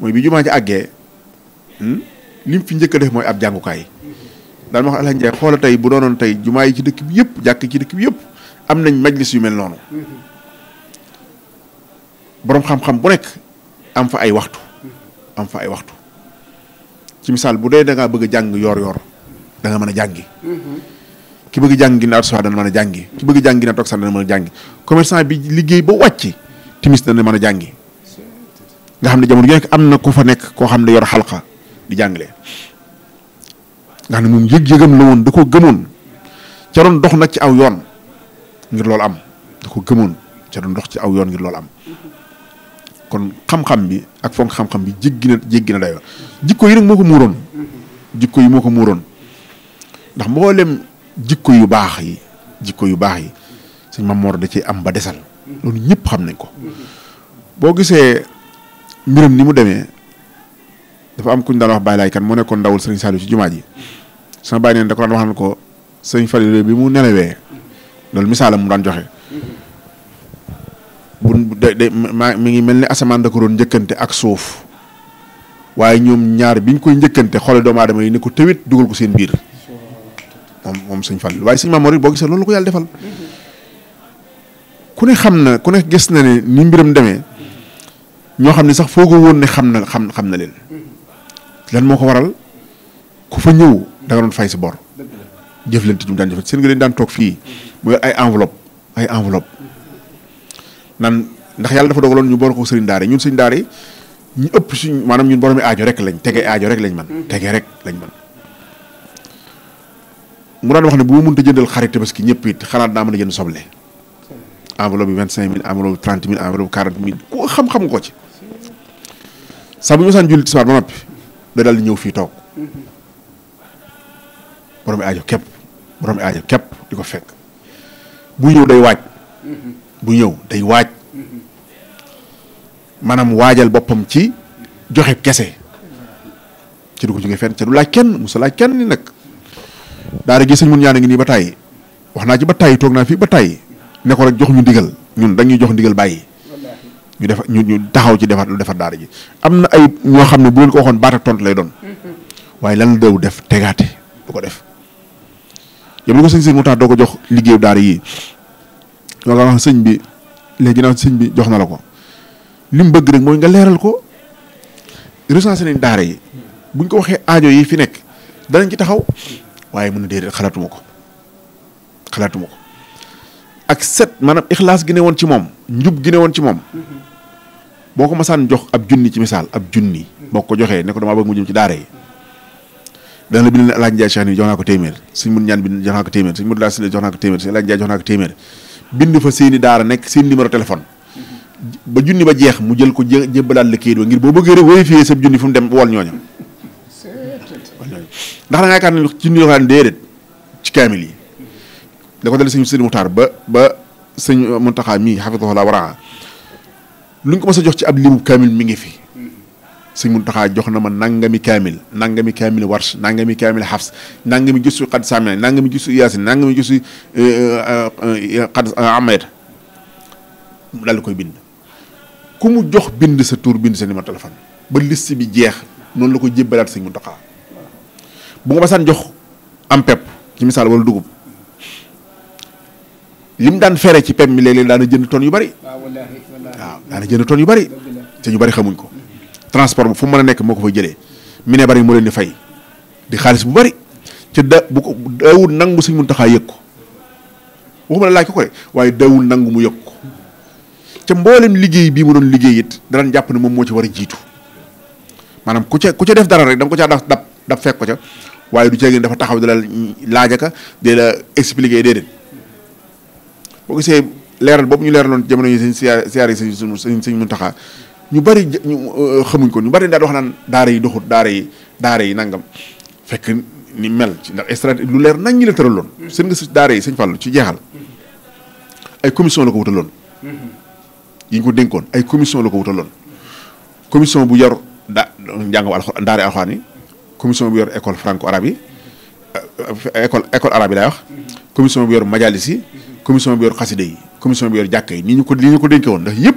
mooy bi jumaa ci àggee hmm? lim fi njëkk def mooy ab jàngukaay daan wax Alxaji Njaay xoola tey bu doonoon tey jumaa yi ci dëkk bi yëpp jàkk ci dëkk bi yëpp am nañ majlis yu mel noonu boroom xam-xam bu nekk am fa ay waxtu am fa ay waxtu ci misaal bu dee da bëgg a jàng yor-yor da mën a jàngi. Mm-hmm. ki bëgg jàng ginnaaw suba dana mën a jàngi. ki bëgg jàng ginnaaw toog sax dana mën a jàngi commerçant bi liggéey ba wàcc timis dana mën a jàngi. nga xam ne jamono ju nekk am na ku fa nekk koo xam ne yor xalqa di jàngale. nga xam ne moom yëg-yëgam la woon da ko gëmoon ca doon dox nag ci aw yoon ngir loolu am da ko gëmoon ca doon dox ci aw yoon ngir loolu am. kon xam-xam bi ak fonk xam-xam bi jéggi na jéggi jikko yi nag moo ko muuroon jikko yi moo ko muuroon ndax mboolem jikko yu baax yi jikko yu baax yi ma Mamor da ci am ba desal loolu ñëpp xam nañ ko boo gisee mbiram ni mu demee dafa am kuñ daan wax Baye Laay kan moo nekkoon ndawul sëriñ Saliou ci jumaa ji sama bàyyi neen da ko daan waxal ko sëñ Falilou bi mu nelawee loolu misaalam mu daan joxe bu de de mi ngi mel ni asamaan da ko doon njëkkante ak suuf waaye ñoom ñaar bi ñu koy njëkkante xoole doomu aadama yi ne ko tëwit dugal ko seen biir moom moom sëñ Fall waaye sëñ Mamour boo gisee loolu ko yàlla defal ku ne xam na ku ne gis na ne ni mbiram demee ñoo xam ne sax foo ko woon ne xam na xam xam na leen lan moo ko waral ku fa ñëw da doon fay si bor jëf leen ti ñu daan jëf seen nga leen daan toog fii mu yor ay enveloppe ay enveloppe nan ndax yàlla dafa dogaloon ñu boole ko sëriñ daara ñun sëriñ daara ñu ëpp suñ maanaam ñun boromi ajo rek lañ tege ajo rek lañ man mm. tege rek lañ man mu daan wax ne bu ma mënta jëndal xarit tabaski ñëpp it xalaat naa mën a jënd soble enveloppe bi vingt cinq mille enveloppe trente mille enveloppe quarante mille ku xam-xam nga ko ci saa bu ñu mosaan julli tisbaar ba noppi da daal di ñëw fii toog boromi ajo képp boromi ajo képp di ko fekk bu ñëw day waaj mm-hmm. bu ñëw day waaj maanaam waajal boppam ci joxe kese ci du ko jógee fenn ca du laaj kenn musa laaj kenn ni nag daara gi sëñ mun ñaan a ngi nii ba tàyyi wax naa ci ba tàyyi toog naa fii ba tàyyi ne ko jox ñu ndigal ñun dañuy jox ndigal bàyyi ñu def ñu ñu taxaw ci defar lu defar daara ji am na ay ñoo xam ne bu leen ko waxoon baat ak lay doon waaye lan la def tegaate du ko def yow li ko sëñ sëñ mu tax doo ko jox liggéeyu daara yi loolu la wax sëñ bi léegi ginnaaw sëñ bi jox na la ko li mu bëgg rek mooy nga leeral ko recensé nañ daara yi buñ ko waxee aajo yi fi nekk danañ ci taxaw waaye mën na déedéet xalaatuma ko xalaatuma ko ak set maanaam ixlaas gi ne woon ci moom njub gi ne woon ci moom boo ko masaan jox ab junni ci misaal ab junni boo ko joxee ne ko damaa bëgg mu jëm ci daara yi dana la bind ne El Hadj Ndiaye Cheikh nii jox naa ko téeméer suñ mun ñaan bi jox naa ko téeméer suñ mun laa si jox naa ko téeméer suñ El Hadj Ndiaye jox naa ko téeméer bind fa seeni daara nekk seen numéro téléphone ba junni ba jeex mu jël ko jé jébbalaat la kayit wa ngir boo bëggee rek vérifier sa junni fu mu dem wol ñooñu ndax da ngaa yaakaar ne junni yoo xam ci kaamil yi da ko dale sëñ Sëriñ Muxtaar ba ba sëñ Muntaxa mii xafidahu la waraa lu ñu ko mës a jox ci ab limu kaamil mi ngi fi sëñ Muntaxa jox na ma nangami kaamil nangami kaamil warsh nangami kaamil hafs nangami jusu xad samina nangami jusu yaasin nangami jusu xad eh, eh, eh, amayet daal di koy bind ku mu jox bind sa tur bind sa numéro téléphone ba liste jeex noonu la ko jébbalaat sëñ Muntaxa bu ma basaan jox am pepp ci misaal wala dugub li mu daan fere ci pepp mi léeg-léeg daana jënd tonne yu bari ah, waaw daana jënd tonne yu bari te bari xamuñ ko transport bi fu man a nekk moo ko fa jëlee mi ne bari moo leen di fay di xaalis bu bari te da bu ko daawul nangu suñ mun taxaa yëg ko waxuma la laaj ko waaye daawul nangu mu yëg ko ca mboolem liggéey bii mu doon liggéey it danañ jàpp ne moom moo ci war a jiitu maanaam ku ca ku def dara rek da ko ca dab dab fekk ko ca waaye du ceegin dafa taxaw di la laajaka di la expliquer déedéet boo gisee leeral boobu ñu leeraloon jamono yi sëñ siyaar yi sëñ sëñ Muntaxa ñu bari ñu euh, xamuñ ko ñu bari daal wax naan daare yi doxut daara yi daare yi nangam fekk ni mel ci ndax stratégie lu leer nañ ñi la tëraloon. seen nga si daare yi sëñ lu ci jeexal. ay commission la ko wutaloon. yi ñu ko dénkoon ay commission la ko wutaloon. commission bu yor daa njàng alxuraan daara alxuraan yi. commission bu yor école franco arabe yi. Euh, école école yi laay wax. commission bu yor majalis yi. commission bu yor xaside yi. commission bu yor jàkka yi ni ñu ko li ñu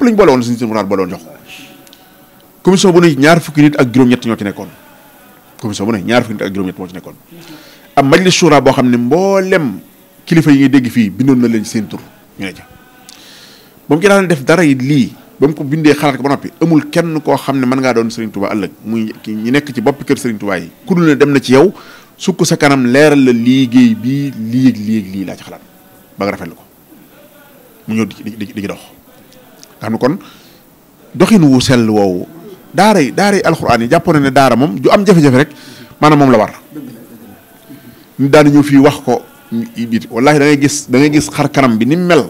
commission bu ne ñaar fukki nit ak juróom-ñett ñoo ci nekkoon commission bu ne ñaar fukki nit ak juróom-ñett moo ci nekkoon am majlis shura boo xam ne mboolem kilifa yi dégg fii bindoon na leen seen tur ñu moom ci daan def dara yi lii ba mu ko bindee xalaat ko ba noppi amul kenn koo xam ne mën ngaa doon Serigne Touba ëllëg muy ñi nekk ci boppi kër Serigne Touba ku dul ne dem na ci yow sukk sa kanam leeral la liggéey bii lii ak lii ak lii laa ci xalaat ba nga rafetlu ko mu ñëw di di di dox nga xam ne kon doxin wu sell woowu daara yi daara yi alxuraan yi jàppoon ne daara moom ju am jafe-jafe rek maanaam moom la war ñu daan ñëw fii wax ko biit wallaahi da gis da ngay gis xar kanam bi ni mel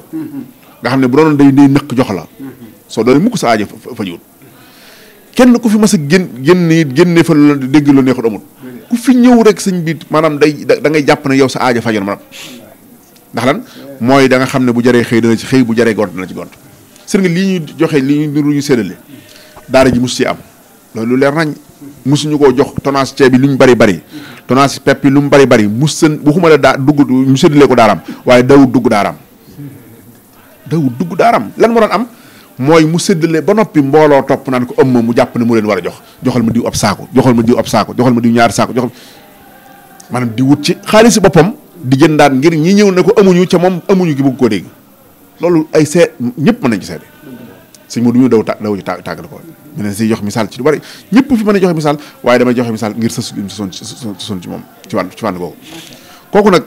nga xam ne bu doonoon day day nëkk jox la soo doon mukk sa aajo fajuwut kenn ku fi mas a génn génn it génne fa lu dégg lu neexut amul ku fi ñëw rek sëñ biit maanaam day da jàpp ne yow sa aajo fajoon mooy da nga xam ne bu jëree xëy dana ci xëy bu jëree gont dana ci gont sër nga lii ñuy joxe lii ñu nuru ñu séddale daara ji mus ci am loolu leer nañ ñu koo jox tonnage ceeb bi lu ñu bari bari tonnage pepp yi lu mu bari bari mus seen waxuma la daa dugg ñu séddale ko daaram waaye dawut dugg daaraam dawut dugg daaraam lan moo doon am mooy mu séddale ba noppi mbooloo topp naan ko ëmm mu jàpp ne mu leen war a jox joxal ma diw ab saako joxal ma diw ab saako joxal ma diw ñaari saako joxal maanaam di wut ci xaalis boppam di jën daan ngir ñi ñëw ne ko amuñu ca moom amuñu gi bëgg koo dégg loolu ay seet ñëpp mën nañ ci seede sëñ Modou ñu daw ta daw ci tàggal ko ñu leen siy jox misaal ci lu bari ñëpp fi mën a joxe misaal waaye damay joxe misaal ngir sës soon soon ci moom ci wàll ci wàll googu kooku nag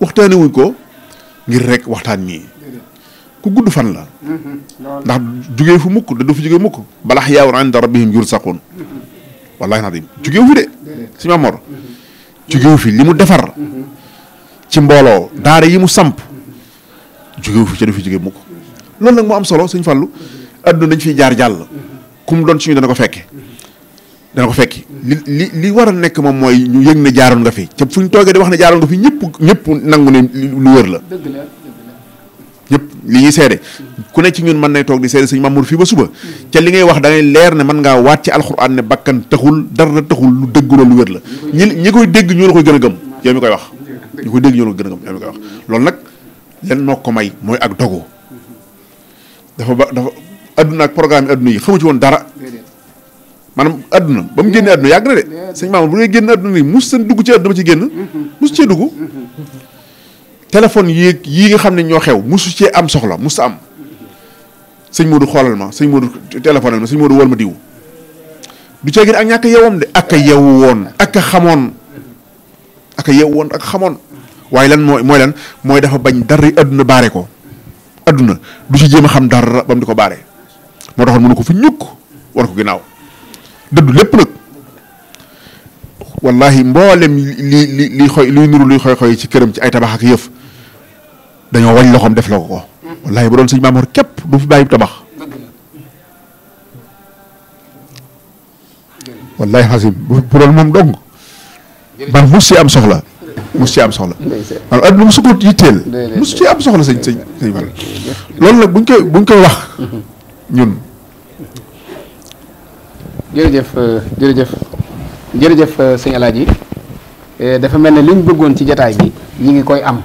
waxtaane ko ngir rek waxtaan nii ku gudd fan la ndax jugee fu mukk da fi jugee mukk balax yaawoon inda rabbihim yursaqoon wallahi nadim jugee fi de si ma mor jugee fi li mu defar ci mbooloo daara yi mu samp jugee fi ca du fi jugee mukk loolu nag moo am solo sëñ Fallou adduna dañ fiy jaar jàll. ku mu doon suñu dana ko fekke dana ko fekke li li waral nekk moom mooy ñu yëg ne jaaroon nga fi ca fu ñu toogee di wax ne jaaroon nga fi ñëpp ñëpp nangu ne lu wér la. dëgg li ñuy seede. ku nekk ci ñun mën nay toog di seede sëñ Mamour fii ba suba. ca li ngay wax da leer ne mën ngaa waat ci alxuraan ne bakkan taxul dara taxul lu dëgg la lu wër la. ñi ñi koy dégg ñoo la koy gën a gëm. yow mi koy wax ñi koy dégg ñoo la koy gën a gëm yow loolu nag lenn ko may mooy ak dogu adduna ak programme adduna yi xamu ci woon dara maanaam adduna ba mu génnee adduna yàgg na de sëñ Mamour bu ngay génn adduna nii mus seen dugg ci adduna ba ci génn mus cee dugg téléphone yii nga xam ne ñoo xew musu cee am soxla mus am sëñ Modou xoolal ma sëñ Modou téléphonal ma sëñ Modou wal ma diw du cee gën ak ñàkk yewam de ak a yewu woon ak a xamoon ak a yewu woon ak xamoon waaye lan mooy mooy lan mooy dafa bañ dara àdduna baare ko adduna du ci jéem a xam dara ba mu di ko baare moo taxoon mënu ko fi ñukk war ko ginnaaw dëddu lépp nag wallahi mboolem li li li xoy liy nuru luy xoy-xoy ci këram ci ay tabax ak yëf dañoo wañ loxoom def la ko ko wallahi bu doon sëñ Maamoor képp du fi bàyyi tabax wallahi xasim bu doon moom dong man mus ci am soxla mus ci am soxla man soxla sëñ loolu nag buñ koy buñ koy wax ñun Euh, jërëjëf jërëjëf jërëjëf euh, sëñ Alaaji eh, dafa mel ne liñ bëggoon ci jataay bi ñu ngi koy am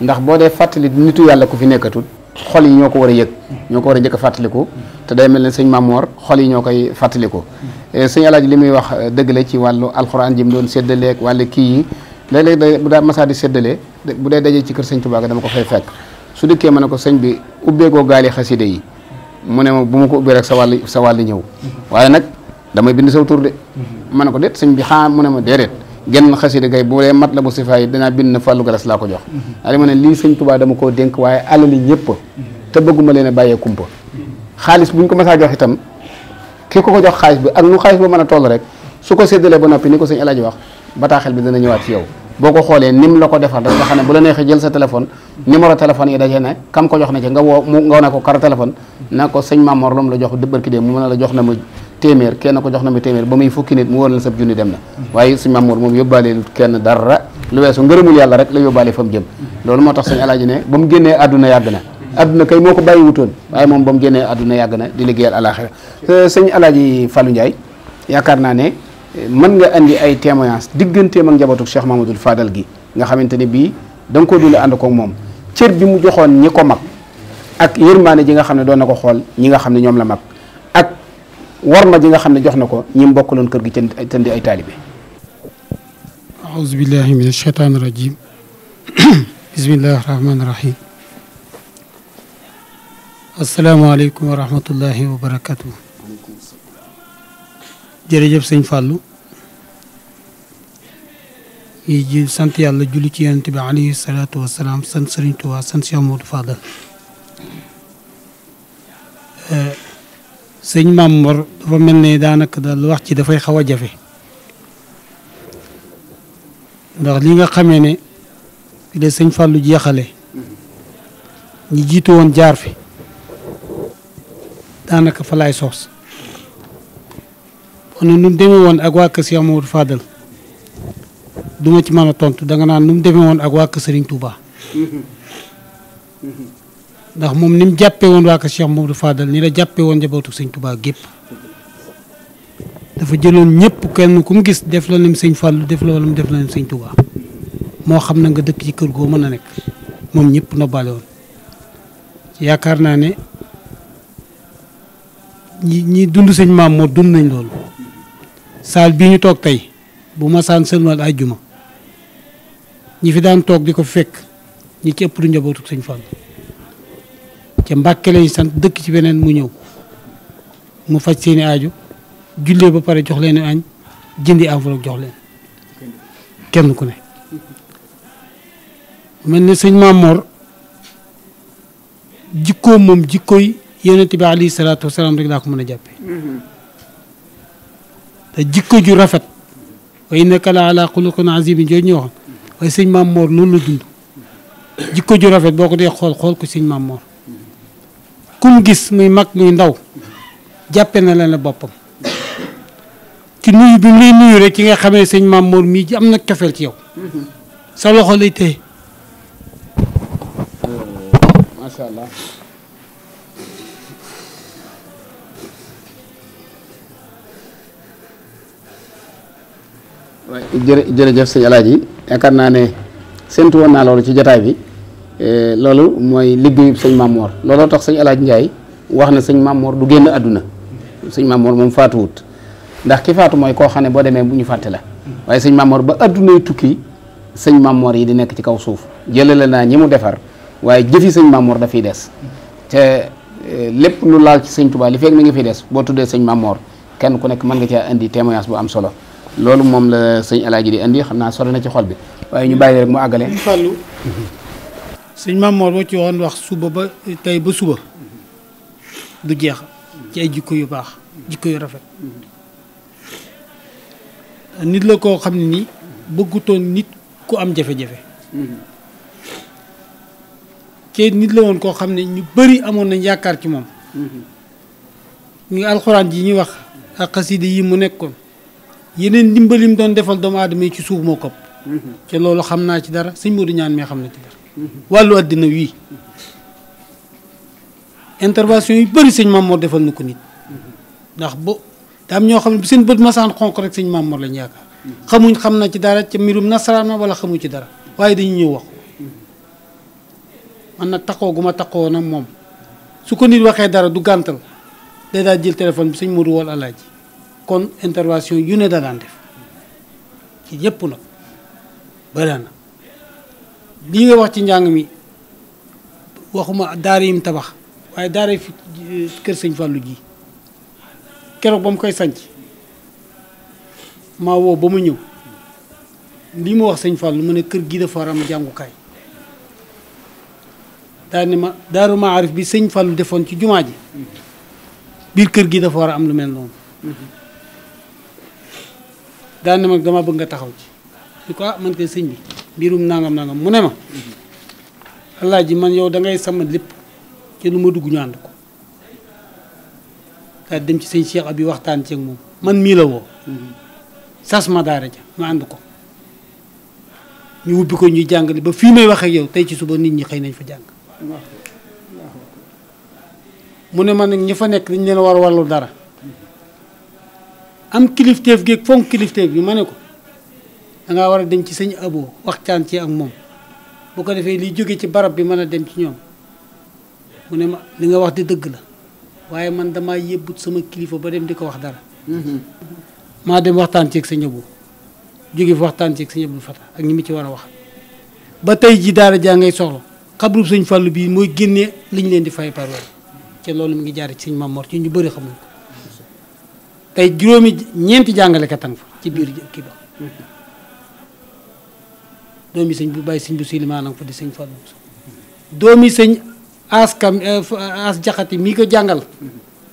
ndax boo dee fàttali nitu yàlla ku fi nekkatul xol yi ñoo ko war a yëg ñoo ko war a njëkk a fàttaliku te day mel ne sëñ Mamoor xol yi ñoo koy fàttaliku eh, sëñ Alaaji li muy wax euh, dëgg la ci wàllu alxuraan ji mu doon séddaleeg wàllu kii yi léeg-léeg da bu daa masaa di séddale bu dee dajee ci kër sëñ Tuubaa dama ko fay fekk su dëkkee ma ne ko sëñ bi ubbeekoo gaali xaside yi mu ne ma bu ma ko ubbee rek sa wàll sa wàll ñëw waaye nag damay bind saw tur de ma ne ko déet sëñ bi xaa mu ne ma déedéet genn xasida gay bu dee mat la bu sifa danaa bind na fàllu galas laa ko jox daa ma ne lii sëñ Tuubaa dama koo dénk waaye alali ñëpp te bëgguma leen a bàyyee kumpa xaalis buñ ko mësaa jox itam ki ko ko jox xaalis bi ak nu xaalis ba mën a toll rek su ko séddalee ba noppi ni ko sëñ Alaaji wax bataaxel bi dana ñëwaat ci yow boo ko xoolee nim la ko defal da nga xam ne bu la neexee jël sa téléphone numéro téléphone yi daje ne kam ko jox na ci nga woo nga ne ko kar téléphone na ko sëñ Maam Mor lu mu la jox dëbër ki dee mu ne la jox na ma téeméer kenn ko jox na ma téeméer ba muy fukki nit mu wóor la sab junni dem na waaye sëñ Maam Mor moom yóbbaale kenn dara lu weesu ngërëmul yàlla rek la yóbbaale fa mu jëm loolu moo tax sëñ Alaaji ne ba mu génnee àdduna yàgg na àdduna kay moo ko bàyyi wutoon moom ba mu génnee àdduna yàgg na di liggéeyal àlaaxira euh, sëñ Alaaji Fallou Ndiaye yaakaar naa ne mën nga indi ay témoignage diggante ak njabootu Cheikh Mahmadul Fadal gi nga xamante ne bii da nga ko dund ànd koog moom cër bi mu joxoon ñi ko mag ak yërmaane ji nga xam ne doon na ko xool ñi nga xam ne ñoom la mag ak warma ji nga xam ne jox na ko ñi mu bokkaloon kër gi te di ay taalibe. aouzu billahi min ashaytaani rajim (clears throat) bismillahi rahmaani rahim asalaamaaleykum wa rahmatullahi wa barakatuh jërëjëf sëñ Fallou yi ji sant yàlla juli ci yonent bi alayhi salaatu wasalaam sant Sëriñ Tuubaa sant Cheikh Modou Fadal euh, sëñ Mame Mor dafa mel ne daanaka daal wax ci dafay xaw a jafe ndax li nga xamee ne fi de sëñ Fallou jeexale ñi jiitu woon jaar fi daanaka falay sos ne nu mu demee woon ak waa kër Cheikh Mamadou Fadal duma ci mën a tontu danga naan nu mu demewoon ak waa kër Serigne ndax moom ni mu jàppee woon waa kër Cheikh Mamadou Fadal ni la jàppee woon njabootu Serigne Touba gépp dafa jëloon ñëpp kenn ku mu gis def la lim Serigne Fallou def la wala mu def la lim Serigne Touba moo xam na nga dëkk ci kër goo mën a nekk moom ñëpp nobbaale woon yaakaar naa ne ñi ñi dund sëñ maam moo dund nañ loolu saal bii ñu toog tey bu ma saan sëlmal àjjuma ñi fi daan toog di ko fekk ñi ci ëpp du njabootu sëñ Fallu ca Mbàkke lañ sant dëkk ci weneen mu ñëw mu faj seeni aaju jullee ba pare jox leen añ jëndi enveloppe jox leen kenn ku ne mel ni sëñ Mamor jikkoom moom jikkooy yonent bi alayhi salaatu rek laa ko mën a jàppe mm-hmm. te jikko ju rafet wa innaka la ala xuluqin azimin jooju ñu waxoon waaye sëñ Maam Moor loolu la dund jikko ju rafet boo ko dee xool xool ko sëñ Maam Moor kum gis muy mag muy ndaw jàppe na leen boppam ci nuyu bi mu lay nuyu rek ci nga xamee sëñ Maam Moor mii ji am na cofeel ci yow sa loxo lay téye jërë jërëjëf sëñ yi yaakaar naa ne séntu woon naa loolu ci jataay bi e, loolu mooy liggéeyub sëñ Mamoor looloo tax sëñ Alaaji Njaay wax na sëñ Mamoor du génn àdduna sëñ Mamoor moom faatuwut ndax ki faatu mooy koo xam ne boo demee bu ñu fàtte la waaye sëñ Mamoor ba àddunay tukki sëñ Mamoor yi di nekk ci kaw suuf jëlale naa ñi mu defar waaye jëfi sëñ Mamoor dafiy des te e, lépp lu laal ci sëñ Tuubaa li fekk mi ngi fi des boo tuddee sëñ Mamoor kenn ku nekk mën nga caa indi témoignage bu am solo loolu moom la sëñ alaaji di indi xam naa sore na ci xol bi waaye ñu bàyyi rek mu àggale fàllu sëñ Maam Moor moo ci wax suba ba tey ba suba du jeex ci ay jikko yu baax jikko yu rafet nit la koo xam ne ni bëggutoon nit ku am jafe-jafe kee nit la woon koo xam ne ñu bëri amoon nañ yaakaar ci moom ñu mm-hmm. alxuraan ji ñuy wax ak xasida yi mu nekkoon yeneen ndimbali mu doon defal doomu aadama yi ci suuf moo kopp mhm. te loolu xam naa ci dara sëñ Modou ñaan mais xam na ci dara mhm. wàllu àddina wii intervention yu bëri sëñ Mamoor defal na ko nit mhm. ndax bo daam ñoo xam ne seen bët masaan xonk rek sëñ Mamoor lañ yaakaar xamuñ xam na ci dara ca mbirum nasaraan ma walla xamuñ ci dara waaye dañu ñëw wax man na taxoo gu ma taxoo nag moom su ko nit waxee dara du gàntal day daal jël téléphone bi sëñ Modou wol alaaji kon intervention yu ne da daan def ci yëpp nag bëri na lii nga wax ci njàng mi waxuma daara yim tabax waaye daara fi kër sëñ Fallou ji keroog ba mu koy sañc maa woo ba mu ñëw lii mu wax sëñ Fallou mu ne kër gii dafa war a am jàngukaay daal ma daaru maarif bi sëñ Fallou defoon ci jumaa ji biir kër gii dafa war a am lu mel noonu daal ne ma dama bëgg nga taxaw ci ni ko ah man koy sëñ bi mbirum nangam nangam mu ne ma alaaji man yow dangay ngay sama lépp ci lu ma dugg ñu ànd ko daal dem ci sëñ Cheikh Abi waxtaan ceeg moom man mii la woo sas ma daara ja ma ànd ko ñu ubbi ko ñuy jàngale ba fii may wax ak tey ci suba nit ñi xëy nañ fa jàng mu ne ma nag ñi fa nekk dañ leen war warlu dara am kilifteef geeg fonk kilifteef bi ma ne ko da war a dem ci sëñ abo waxtaan ci ak moom boo ko defee li jóge ci barab bi mën a dem ci ñoom mu ne ma li nga wax di dëgg la waaye man damaa yëbbut sama kilifa ba dem di ko wax dara. Mm-hmm. maa dem waxtaan ci ak sëñ abo jóge fi waxtaan ci ak sëñ abo fata ak ñi mu ci war a wax ba tey ji daara jaa ngay soxla xabrub sëñ fàllu bii mooy génnee ñu leen di fay par weer ci loolu mu ngi jaar ci sëñ Mamor ci ñu bëri xamuñ ko. tey juróomi ñeenti jàngale am fa ci biir kii doomi sëñ bu bàyyi sëñ bu silimaanam fa doomi sëñ as kam eh, as jaxati mii ko jàngal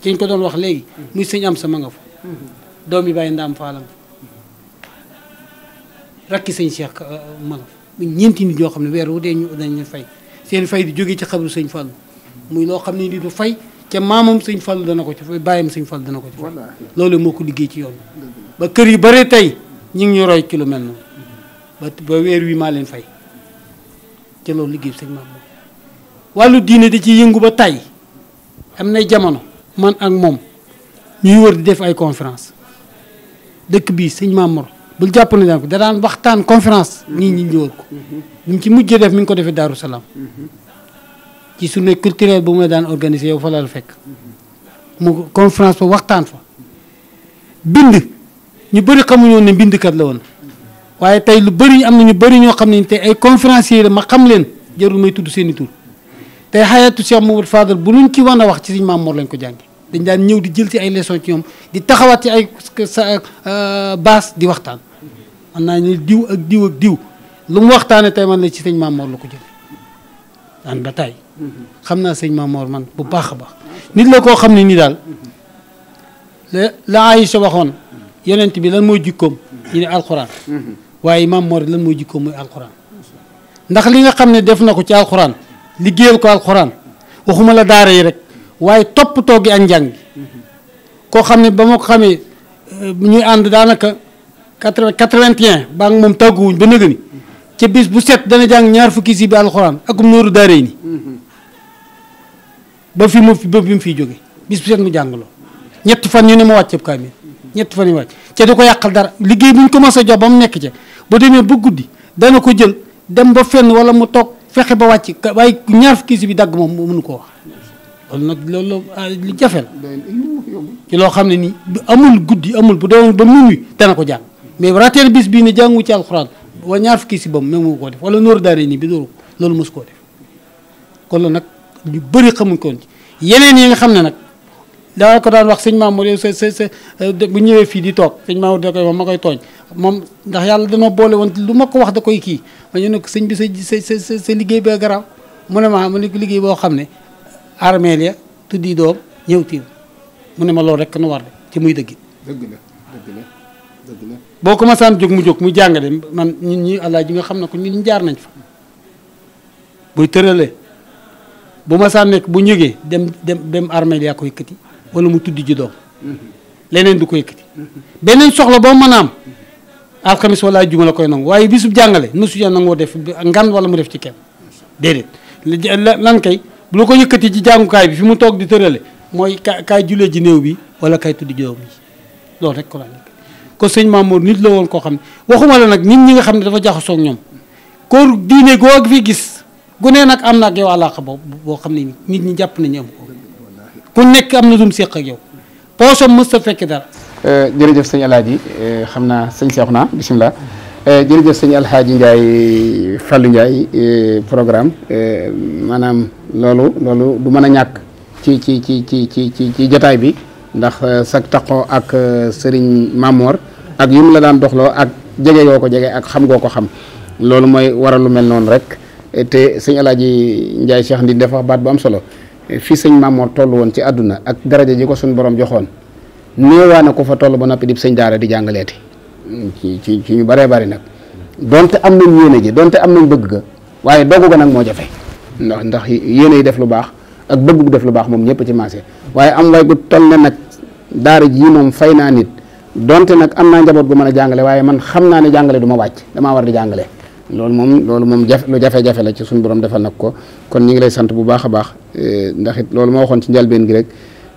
ci ñu ko doon wax léegi muy sëñ am sama nga fa doomi bàyyi ndaam faalam rakki sëñ Cheikh eh, Mala mu ñeenti nit ñoo xam ne weer wu dee ñu dañ fay seen fay di jóge ci xabru sëñ Fallou muy loo xam ne ni du fay ca maamam sëñ Fallu dana ko ci fay bàyyam suñ Fallu dana ko ci fay loolu moo ko liggéey ci yoon ba kër yu baree tey ñu ngi ñu roy ba ba weer wi maa leen fay ca loolu liggéey sëñ maam wàllu diine da yëngu ba tey am nay jamono man ak moom ñuy wër di def ay conférence dëkk bii sëñ maam Mor bul jàpp ne daan ko da daan waxtaan conférence mm-hmm. nit ñu wër ko ñu mm-hmm. ci mujjee def mi ngi ko defee Daaru ci journée culturelle bu mu la daan organiser yow fa la fekk mu conférence fa waxtaan fa bind ñu bëri xamuñoon ne bindkat la woon waaye tey lu bëri am na ñu bëri ñoo xam ne tey ay conférenciers la ma xam leen jarul may tudd seen i tur tey xayatu Cheikh Mamadou Fadal bu luñ ci wan a wax ci suñ maam Mor lañ ko jànge dañ daan ñëw di jël ci ay leçons ci ñoom di taxawaat ci ay sa euh, baas di waxtaan man naa ne diw ak diw ak diw lu mu waxtaanee tey man la ci sëñ Maam Mor la ko jël daan ba mm-hmm. xam naa sëñ Mamoor man bu baax a baax mm-hmm. nit la koo xam ne nii daal mm-hmm. la Aïcha waxoon yonent bi lan mooy jikkoom ñu ne alxuraan waaye Mamoor lan mooy jikkoom mooy alxuraan ndax li nga xam ne def na ko ci alxuraan liggéeyal ko alxuraan waxuma la daara yi rek waaye topp gi ak njàng koo xam ne ba ma ko xamee euh, ñuy ànd daanaka quatre-vingt-un ba ak moom tàgguwuñ ba nëgëni ca bis bu set dana jàng ñaar fukki si bi alxuraan akum nooru daaree ni ba fi mu ba bi mu fiy jóge bis bu set mu jàng lool ñett fan ñu ne ma wàcc kaamil ñett fan yu wàcc ca di ko yàqal dara liggéey bu ñu commencé jox ba mu nekk ca ba demee ba guddi dana ko jël dem ba fenn wala mu toog fexe ba wàcc waaye ñaar fukki si bi dagg moom mënu koo wax loolu nag loolu ah, li jafe la ci loo xam ne nii amul guddi amul bu doon ba minuit dana ko jàng mais rateer bis bii ne jàngu ci alxuraan waa ñaar fukki si bam même moo ko def wala nooru daare nii bi dooru loolu mosu koo def kon loolu nag ñu bëri xamuñ koon ci yeneen yi nga xam ne nag daa ko daan wax sëñ Mamour yow sa sa sa euh, bu ñëwee fii di toog sëñ Mamour da koy ma koy tooñ moom ndax yàlla danoo boole woon lu ma ko wax da koy kii ma sëñ bi sa sa sa sa liggéey ba garaaw mu ne ma mu ne ko liggéey boo xam ne armeel ya tuddi doom ñëw tiim mu ne ma loolu rekk nu war de ci muy dëgg boo ko masaan jóg mu jóg mu jàngale man ñun ñi allah ji nga xam ne ko ñun jaar nañ fa buy tërale bu masaan nekk bu ñëgee dem dem dem armée yaa koy yëkkati wala mu tudd ji doom leneen du ko yëkkati beneen soxla boo mën a am alxamis wala juma la koy nangu waaye bi bisub jàngale mosu ja nangoo def ngan wala mu def ci kenn déedéet lan kay bu la ko yëkkati ci jàngukaay bi fi mu toog di tërale mooy kaay julee ji néew bi wala kay tudd ji doom loolu rek ko sëñ Mamour nit la woon koo xam ne waxuma la nag nit ñi nga xam ne dafa jaxasoo ñoom kóor diine goo fi gis gu ne nag am na ak yow àllaaqa boobu boo xam ne nit ñi jàpp nañu am ko ku nekk am na dum séq ak yow poosam mës ta fekk dara euh, jërëjëf euh, xam naa sëñ seexu naa bisimilah euh, jërëjëf sëñ alhaaji Ndiaye Fallou Ndiaye programme maanaam loolu loolu du mën a ñàkk ci ci ci ci ci ci ci jataay bi ndax sag taqoo ak sëriñ Mamor ak yum la daan doxloo ak jege yoo ko jege ak xam goo ko xam loolu mooy waral lu mel noonu rek te sëñ Alaaji Njaay Cheikh Ndindi dafa wax baat bu am solo fii sëñ Maamoor toll woon ci àdduna ak daraja ji ko suñ borom joxoon néewaa na ko fa toll ba noppi di sëñ daara di jàngaleeti ci ci ci ñu baree bari nag donte am nañ yéene ji am nañ bëgg ga waaye dogu ga nag moo jafe ndax ndax yéene yi def lu baax ak bëgg bu def lu baax moom ñëpp ci marché waaye ji moom fay naa nit donte nag am naa njaboot gu mën a jàngale waaye man xam naa ne jàngale du ma wàcc damaa war di jàngale loolu moom loolu moom jafe lu jafe-jafe la ci suñu nag ko kon ñu ngi lay sant bu baax a baax eh, ndax it loolu ma waxoon ci njëlbeen gi rek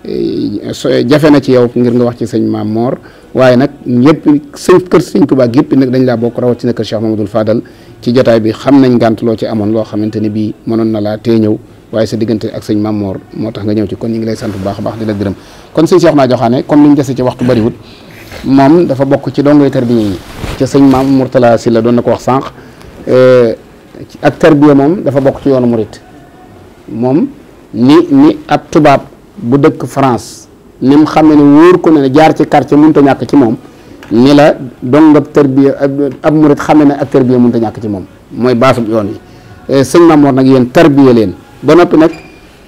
eh, jafe na ci yow ngir nga wax ci sëñ Maam Mor waaye nag ñëpp sëñ kër sëñ Tuubaa yëpp nag dañ laa bokk rawatina kër Cheikh Mamadou Fadal ci jotaay bi xam nañ gànt loo ci amoon loo xamante ni bii mënoon na laa te ñëw waaye sa diggante ak sëñ Maam Moor moo tax nga ñëw ci kon ñu ngi lay sant bu baax a baax di la gërëm kon sëñ Cheikh naa joxaane comme li ñu ci waxtu bariwut moom dafa bokk ci dongoy tarbiya yi ca sëñ maam Mourtala si la doon na ko wax sànq eh, ak tarbiya moom dafa bokk ci yoonu murit moom ni ni ab tubaab bu dëkk France ni mu xamee ne wóor ko ne jaar ci quartier mënut a ñàkk ci moom ni la dongab tarbiya ab murit xamee ne ak tarbiya mënut a ñàkk ci moom mooy baasub yoon yi eh, sëñ maam Mor nag yéen tarbiya leen ba noppi nag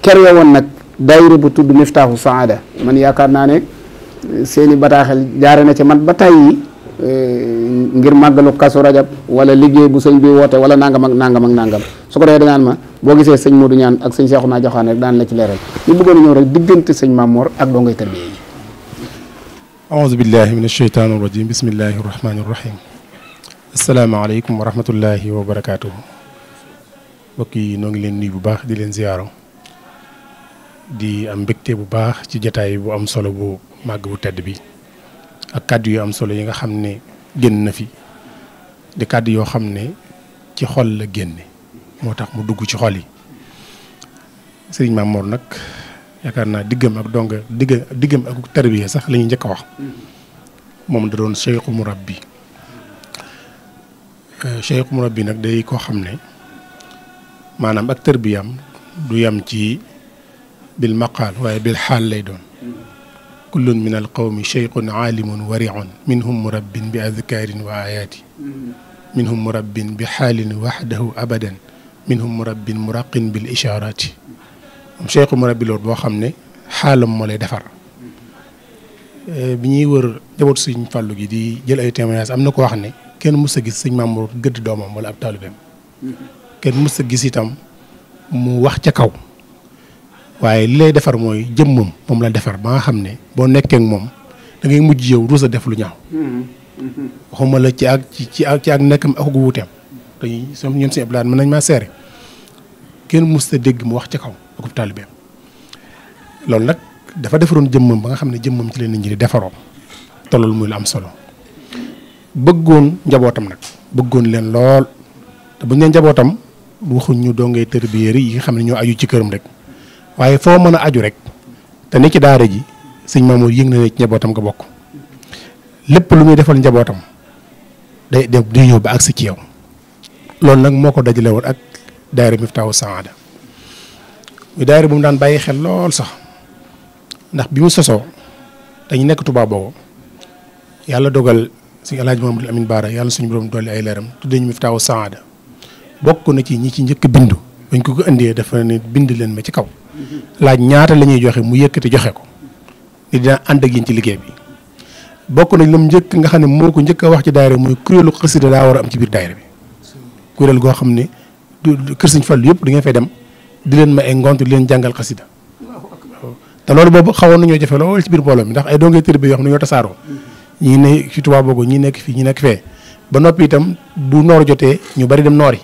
kere woon nag daayira bu tudd Miftaahu Saada man yaakaar naa ne. seeni bataaxel jaare na ci man ba tàyyi eh, ngir màggalu kasu rajab wala liggéey bu sëñ bi woote wala nangam ak nangam ak nangam su ko dee danaan ma boo gisee sëñ Modou ñaan ak sëñ Seexu naa joxaan rek daan la ci leeral ñu bëggoon ñëw rek diggante sëñ Mamoor ak dongay tarbiya yi aouzu billahi min asheytaan irrajim bismillahi irrahmani irrahim wa rahmatullahi wa barakaatuhu yi noo ngi leen nuyu bu baax di leen ziyaaro di am mbégte bu baax ci jataay bu am solo bu màgg bu tedd bi ak kàddu yu am solo yi nga xam ne génn na fi di kàdd yoo xam ne ci xol la génne moo tax mu dugg ci xol yi sëriñ Maam Mor nag yaakaar naa diggam ak donga digg diggam ak tarbiya sax la njëkk a wax moom da doon bi murabbi euh, cheikhu bi nag day koo xam ne maanaam ak tarbiyam du yam ci bil maqaal waaye bil xaal lay doon kullun min alqawmi cheyqun aalimun wariun minhum murabbin bi adkaarin wa ayaati minhum murabbin bi xaalin waxdahu abadan minhum murabbin muraqin bil ishaaraati moom cheyqu murabbi loolu boo xam ne xaalam moo lay defar eh, bi ñuy wër jaboot sëñ fàllu gi di jël ay témoignages am na ko wax ne kenn mës a gis sëñ Mamour gëdd doomam wala ab taalibeem mm-hmm. kenn mës a gis itam mu wax ca kaw waaye li defar mooy jëmmam moom la defar ba nga xam ne boo nekkee moom dangay mujj yow ruus a def lu ñaaw. waxuma la ci ak ci ak ci ak nekkam ak gu wuuteem te ñoom ñoom seen iblaat mën nañ maa seere kenn mës a dégg mu wax ci kaw akub taalibeem loolu nag dafa defaroon jëmmam ba nga xam ne jëmmam ci leen nit ñi di defaroo te am solo bëggoon njabootam nag bëggoon leen lool te buñ ne njabootam waxuñ ñu dongee tërbiyéer yi nga xam ne ñoo aju ci këram rek. waaye foo mën a aju rek te ni ci daara ji sëñ Mamour yëg na ne njabootam nga bokk lépp lu muy defal njabootam day dem di ñëw ba agsi ci yow loolu nag moo ko dajalewoon ak daayira Miftaahu Saada muy daayira bu mu daan bàyyi xel lool sax ndax bi mu sosoo dañu nekk Tuubaa boobu yàlla dogal si El Hadj Mamadou Amine Baara yàlla suñu borom dolli ay leeram tuddee ñu Miftaahu Saada bokk na ci ñi ci njëkk bindu bañ ko ko indee dafa ne bind leen ma ci kaw. laaj ñaata la ñuy joxe mu yëkkati joxe ko ni dina ànd ak yéen ci liggéey bi bokk nañ lu mu njëkk nga xam ne moo ko njëkk a wax ci daayira muy kuréelu xasida daa war am ci biir daayira kuréel goo xam ne du kër Sëñ Fallu yëpp da ngeen fay dem di leen ma ay ngont leen jàngal xasida te loolu boobu xawoon nañoo jafe lool ci biir mbooloo mi ndax ay dongee tër bi yoo xam ne ñoo tasaaroo ñii ne ci Tuubaa boobu ñii nekk fii ñii nekk fee ba noppi itam bu noor jotee ñu bari dem noori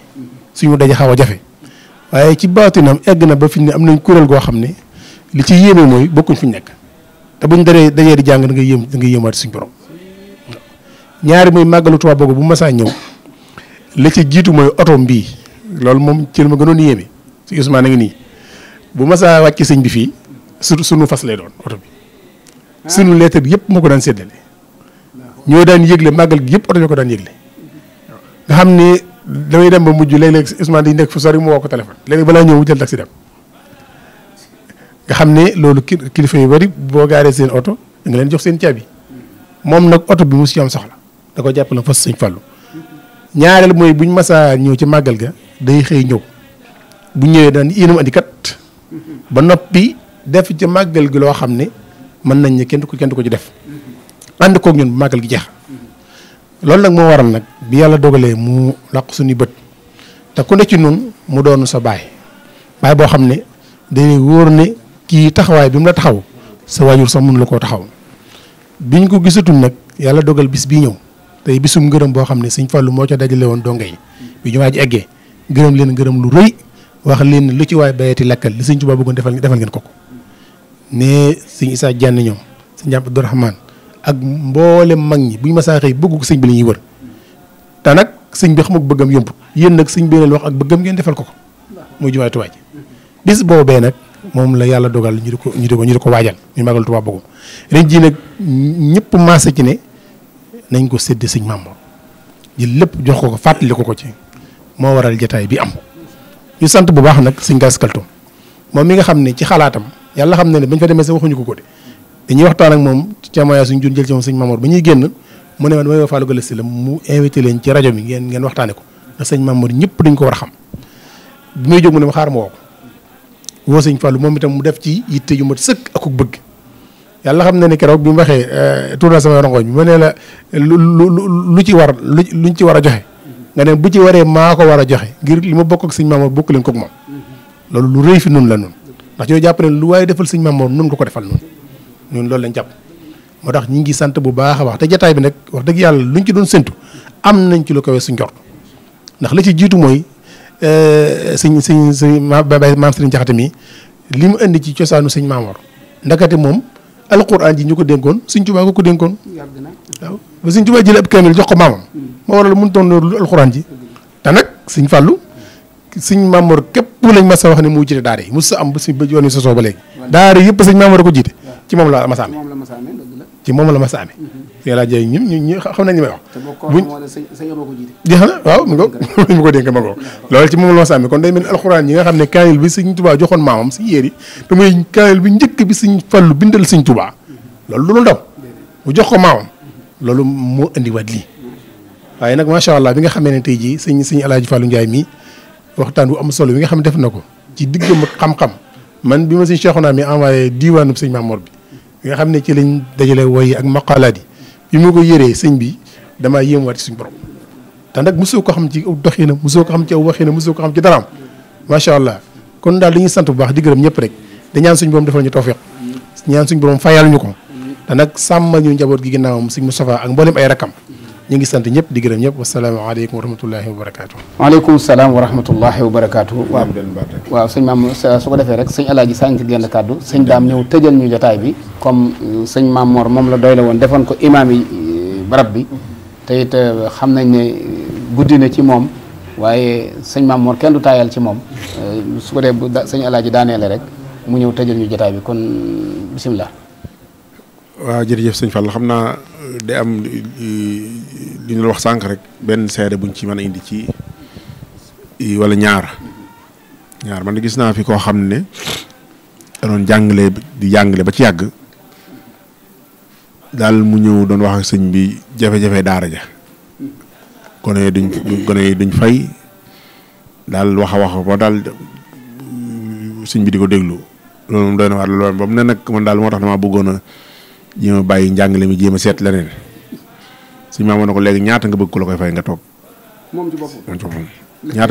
suñu daje xaw a jafe waaye ci baatinam egg na ba fi ne am nañ kuréel goo xam ne li ci yéeme mooy bokkuñ fi ñu nekk te buñ daree dajee di jàng da ngay yéem da ngay yéemaat suñ borom ñaari muy màggalu Tuubaa boobu bu masaa ñëw li ci jiitu mooy otom bii loolu moom ci la ma gënoon yéeme si Ousmane a nii bu masaa wàcc sëñ bi fii su sunu fas lay doon oto bi sunu lettre bi yëpp moo ko daan séddale ñoo daan yëgle màggal gi yëpp oto ñoo ko daan yëgle nga xam ne damay dem ba mujj léeg-léeg Ousmane di nekk fu sori mu woo ko téléphone léeg-léeg balaa ñëw jël taxi dem nga xam ne loolu kilifa yu bari boo gaaree seen oto da nga leen jox seen caabi moom nag oto bi mu si am soxla da ko jàppale fas sëñ Fallu ñaareel mooy buñ masaa ñëw ci màggal ga day xëy ñëw bu ñëwee daan yéenam andi kat ba noppi def ci màggal gi loo xam ne mën nañ ne kenn du ko kenn ko ci def ànd koog bu màggal gi jeex. loolu nag moo waral nag bi yàlla dogalee mu laq suñu bët te ku ne ci nun mu doonu sa baay baay boo xam ne day wóor ne kii taxawaay bi mu la taxaw sa waajur sax mun la koo taxaw biñ ko gisatul nag yàlla dogal bis bii ñëw tey bisum ngërëm boo xam ne sëñ Fallu moo ca dajale woon donge yi bi ñu waaj eggee gërëm leen gërëm lu rëy wax leen lu ci waay bayati lakkal li sëñ Tuubaa bëggoon defal defal ngeen ko ko ne sëñ Isaa Jaan ñoom si Abdu Rahmaan ak mboolem mag ñi bu ñu masaa xëy bëggu ko sëñ bi la ñuy wër te nag sëñ bi xam ak bëggam yomb yéen nag sëñ bi leen wax ak bëggam ngeen defal ko ko muy jumaay Tuubaa ji bis nag moom la yàlla dogal ñu ko ñu di ñu di ko waajal ñu magal Tuubaa bëggum ren jii nag ñëpp maase ci ne nañ ko sédd sëñ Mamoor jël lépp jox ko ko fàttali ko ko ci moo waral jataay bi am ñu sant bu baax nag sëñ Gass Kaltoum moom mi nga xam ne ci xalaatam yàlla xam ne ne bañ fa demee sax waxuñu ko ko de dañuy waxtaan ak moom ci témoignage suñu jun jël ci moom sëñ Mamour ba ñuy génn mu ne ma damay woo Fallou Galass la mu invité leen ci rajo bi ngeen ngeen waxtaane ko ndax sëñ Mamour ñëpp dañ ko war a xam bi may jóg mu ne ma xaar ma woo ko woo sëñ Fallou moom itam mu def ci yitte yu mat sëkk ak bëgg yàlla xam na ne keroog bi mu waxee eh, tuur na sama rongooñ bi ma ne la lu lu ci war lu luñ ci war a joxe nga ne bu ci waree maa ko war a joxe ngir li ma bokk ak sëñ Mamour bokk leen ko ak moom loolu lu rëy fi nun la nun ndax yooyu jàpp ne lu waaye defal sëñ Mamour nun ko ko defal nun ñun loolu lañ jàpp moo tax ñi ngi sant bu baax a baax te jataay bi nag wax dëgg yàlla luñ ci doon séntu am nañ ci lu kawe suñ jort ndax la ci jiitu mooy euh, sëñ sëñ sëñ maam sëriñ jaxate mi li mu indi ci cosaanu sëñ maamoor ndakate moom alquran ji ñu ko dénkoon sëñ Tuubaa ko ko dénkoon waaw ba sëñ Tuubaa jëlee ab kaamil jox ko maamam hmm. moo waral mënu toon lu alquran ji te nag sëñ fàllu sëñ maamoor képp lañ mas a wax ne moo jiite daa yi mos sa am ba si ba yoon yi sosoo ba léegi daara yëpp sëñ maamoor ko ci moom la masaame ci moom la masaame si nga laa jëy ñun ñu ñu xam nañ li may wax buñ jeex na waaw ko dénk ma ko loolu ci moom la masaame kon day mel ni alxuraan yi nga xam ne kaamil bi sëñ tubaa joxoon maamam si yéer yi te muy kaamil bi njëkk bi sëñ fàllu bindal sëñ tubaa mhm. loolu lu ndaw mu jox ko maamam loolu moo indiwaat lii waaye nag macha allah bi nga xamee ne tey jii sëñ sëñ alaaji fàllu njaay mii waxtaan bu am solo bi nga xam ne def na ko ci diggam xam-xam man bi ma sëñ Cheikhouna mi envoyé diwaanu sëñ Mamour bi nga xam ne ci lañ dajale woy yi ak maqalaat yi bi ma ko yéree sëñ bi damaa yéemuwaat ci suñ borom te nag mosoo ko xam ci doxinam mosoo ko xam ci aw waxinam mosoo ko xam ci daraam macha allah kon daal dañuy sant bu baax di gërëm ñëpp rek di suñ borom defal ñu tawfiq suñ borom fayal ñu ko te nag sàmmal ñu njaboot gi ginnaawam sëñ Moustapha ak mboolem ay rakam ñu ngi sant ñëpp di gërëm ñëpp wasalaamaaleykum wa rahmatullahi wa barakaatu. waaleykum salaam wa rahmatullahi wa barakaatu. waaw waaw sëñ maam su ko defee rek sëñ alaaji sànq genn kàddu sëñ daam ñëw tëjal ñu jotaay bi comme euh, sëñ maam Mor moom la doy woon defoon ko imaam yi euh, barab bi te euh, xam nañ ne guddi na ci moom waaye sëñ mamoor Mor kenn du taayal ci moom su ko dee sëñ alaaj daaneele rek mu ñëw tëjal ñu jotaay bi kon bisimilah. waaw jërëjëf sëñ Fall xam naa. day am li ñu wax sànq rek benn seede buñ ci mën a indi ci wala ñaar ñaar man gis naa fi koo xam ne doon jàngale di jàngale ba ci yàgg daal mu ñëw doon wax ak sëñ bi jafe-jafe daara ja gone yi duñ duñ fay daal wax a wax ba daal sëñ bi di ko déglu loolu moom doy na waar loolu ba ne nag man daal moo tax damaa bëggoon a jéem a bàyyi njàngale mi jéem a seet leneen suñu maamoon na ko léegi ñaata nga bëgg la koy fay nga toog. moom koy fay nga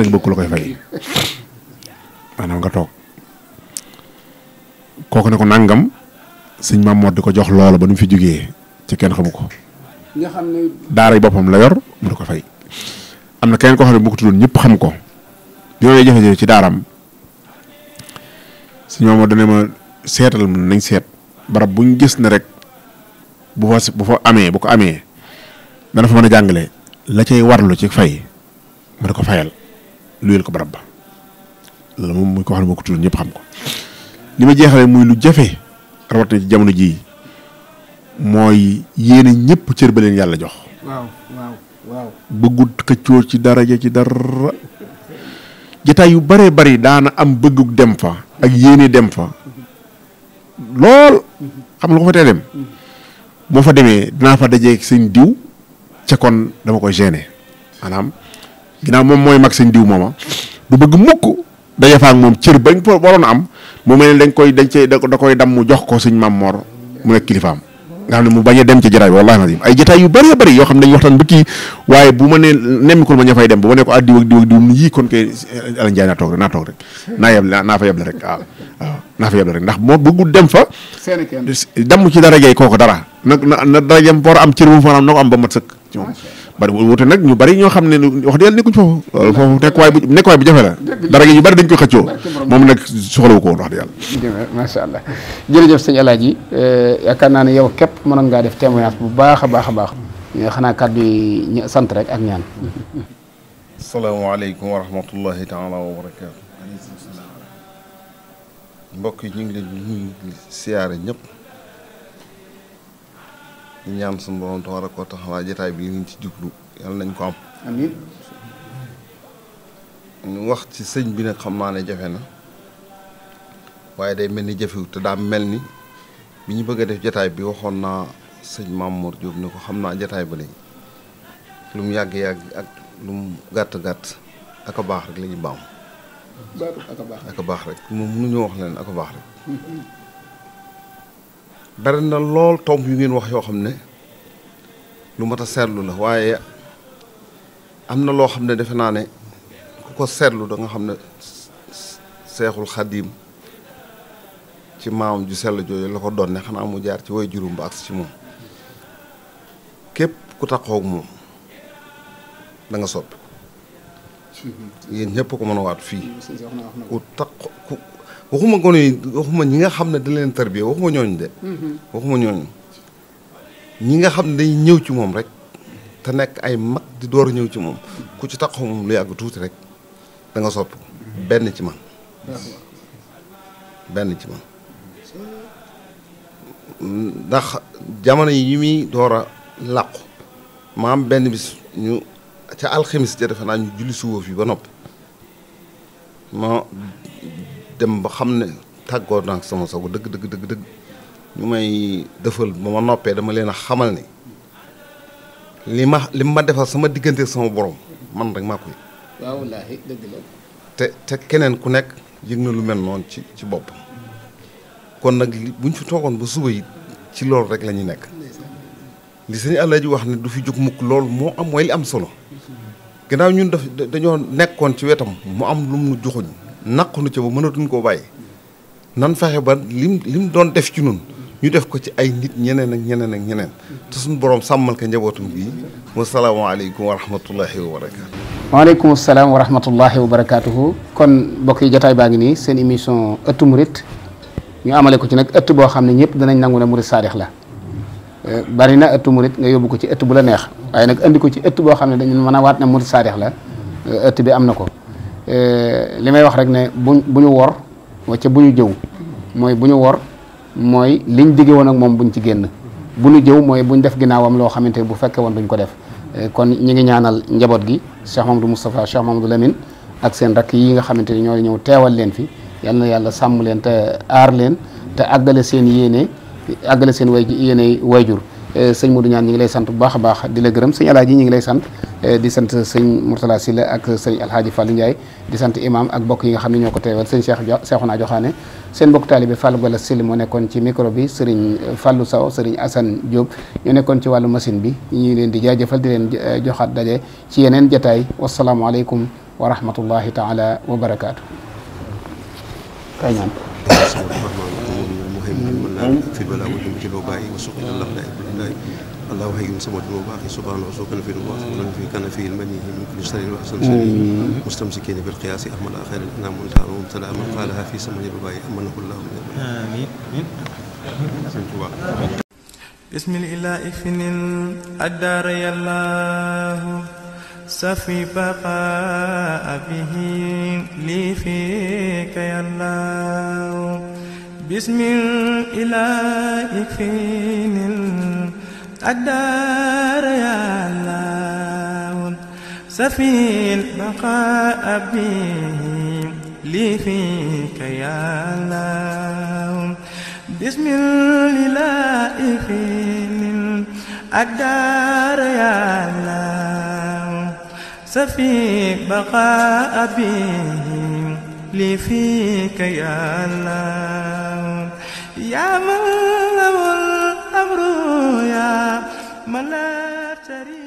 toog kooku ne ko nangam suñ maam Mor di ko jox loola ba nu mu fi jugee ci kenn xamu ko. nga boppam la yor mu di ko fay. am na kenn koo xam ne bu ko tuddoon ñëpp xam ko bi ma lay jafe-jafe ci daaraam suñu maamoon dana ma seetal nañ seet barab buñ gis ne rek. bu fa bu fa amee bu ko amee dana fa mën a jàngale la cay warlu ci fay mën ko fayal luyel ko barab ba loolu moom muy ko xam ne moo ko tudd ñëpp xam ko li ma jeexale muy lu jafe rawatina ci jamono jii mooy yéene ñëpp cër ba leen yàlla jox. waaw waaw waaw. bëggut këccoo ci daraja ci dara jataay yu bëree bëri daana am bëggug dem fa. ak yéene dem fa. lool xam lu ko fa tee dem. Mm-hmm. moo fa demee dinaa fa dajee sëñ diw ca kon dama koy gêner maanaam dinaa moom mooy mag sëñ diw mooma du bëgg mukk daje fa ak moom cër bañ waroon am mu mel ne dañ koy dañ cee da koy mu jox ko suñ Maam Mor mu nekk kilifaam. nga xam ne mu bañ a dem ci jataay bi wallahi lazim ay jataay yu bëree bëri yoo xam ne dañuy waxtaan ba kii waaye bu ma nee nemmikul ma ña fay dem bu ma ne ko ah diw ak diw ak diw yii kon koy Alioune Ndiaye naa toog rek naa toog rek naa yeble naa fa yeble rek waaw waaw naa rek ndax moo bëggul dem fa dem ci darajey kooku dara nag na na darajam war a am cër bu mu am na ko am ba mat sëkk ci bari wute nag ñu bari ñoo xam ne wax dëgg yàlla nekkuñ foofu euh, foofu nekkuwaay bu nekkuwaay bu jafe la dara gi ñu bari dañ koy xëccoo moom nag soxlawu ko woon wax dëgg yàlla macha allah jërëjëf sëñ Alaaji euh, yaakaar naa ne yow képp mënoon ngaa def témoignage bu baax a baax a baax xanaa kàddu yi sant rek ak ñaan asalaamaaleykum wa rahmatullahi taala wa barakaatu mbokk yi ñu ngi leen di ñëpp ñu ñaan suñu borom te war a koo taxawaa jataay bi ñu ci jublu yàlla nañ ko am. amiin wax ci sëñ bi nag xam naa ne jafe na waaye day mel ni jafewut te daa mel ni bi ñu bëgg a def jataay bi waxoon naa sëñ Mamour Diop ne ko xam naa jataay ba léegi lu mu yàgg-yàgg ak lu mu gàtt-gàtt ak baax rek la ñu baam. a baax rek moom mënuñoo wax leen ak baax rek. Mm-hmm. bari na lool tomb yu ngeen wax yoo xam ne lu mat a seetlu la waaye am na loo xam ne defe naa ne ku ko seetlu da nga xam ne seexul xadiim ci maam ju sell jooju la ko doon ne xanaa mu jaar ci way juróom ba agsi ci moom képp ku taxoog moom da nga soppi yéen ko mën a waat fii ku tax ku waxuma gone yi waxuma ñi nga xam ne dañ leen tarbiya waxuma ñooñu de. Mm-hmm. waxuma ñooñu ñi nga xam ne dañ ñëw ci moom rek te nekk ay mag di door ñëw ci moom ku ci taxaw moom lu yàgg tuuti rek danga nga sopp mm-hmm. benn ci man benn ci man ndax jamono yi muy door a làqu ma am benn bis ñu ca alxemes ja defe naa ñu julli suba fi ba nopp dem ba xam ne tàggoo naa ak sama soog dëgg dëgg dëgg dëgg ñu may defal ba ma noppee dama leen a xamal ne li ma li ma defal sama diggante sama borom man rek maa koy. te te keneen ku nekk yëg na lu mel noonu ci ci bopp kon nag buñ fi toogoon ba suba yi ci loolu rek la ñuy nekk li sëñ Alaaji wax ne du fi jóg mukk loolu moo am mooy li am solo gannaaw ñun daf dañoo nekkoon ci wetam mu am lu mu joxuñ naqunu ca ba mënatuñ ko bàyyi nan fexe ba lim lim doon def ci nun ñu def ko ci ay nit ñeneen ak ñeneen ak ñeneen te suñu borom sàmmal ko njabootum bii wasalaamaaleykum wa rahmatullahi wa barakaatu. waaleykum salaam wa rahmatullahi wa barakaatuhu kon mbokk yi jotaay baa ngi nii seen émission ëttu murit ñu amale ko ci nag ëtt boo xam ne ñëpp danañ nangu ne murit saadix la euh, bari na ëttu murit nga yóbbu ko ci ëtt bu la neex waaye nag indi ko ci ëtt boo xam ne dañu mën a waat na murit saadix la euh, ëtt bi am na ko. Euh, li may wax rek ne bu bu ñu wor wacca bu ñu jëw mooy bu ñu wor mooy liñ digge woon ak moom buñ ci génn bu ñu jëw mooy bu ñu def ginnaawam loo xamante bu fekkee woon duñ ko def euh, kon ñi ngi ñaanal njaboot gi Cheikh Mamadou Moustapha Cheikh Mamadou Lamine ak seen rakk yi nga xamante ni ñoo ñëw teewal leen fi yal na yàlla sàmm leen te aar leen te àggale seen yéene àggale seen way yéene wayjur sëñ Modou Ñaan ñi ngi lay sant bu baax a baax di la gërëm sëñ alaaji ñi ngi lay sant di sant sëñ Mourtala Silla ak sëñ alhaaji Fallou Ndiaye di sant imam ak bokk yi nga xam ne ñoo ko teewal sëñ Cheikh naa Joxaane seen bokk taalibe Fallou Gala Silla moo nekkoon ci micro bi sëriñ Fallou Sow sëriñ Assane Diop ñoo nekkoon ci wàllu machine bi ñu leen di jaajëfal di leen joxaat daje ci yeneen jataay wasalaamualeykum wa rahmatullahi taala wa barakaatu الله اللهم هيئ سمعة المباحي سبحانه وسوقنا في المباحي ومن كان فيه المنيه من كل شر واحسن سبيل مستمسكين بالقياس اهمل اخير الانام وانتهى وابتلى من قالها في سمع بباي امنه الله من امين امين بسم الاله فن الدار الله سفي بقاء به لي فيك يا الله بسم الاله فن الدار يا الله سفي البقاء به لي فيك يا الله بسم الله في الدار يا الله سفي بقاء به لي فيك يا الله يا من له الأمر يا من لا تريد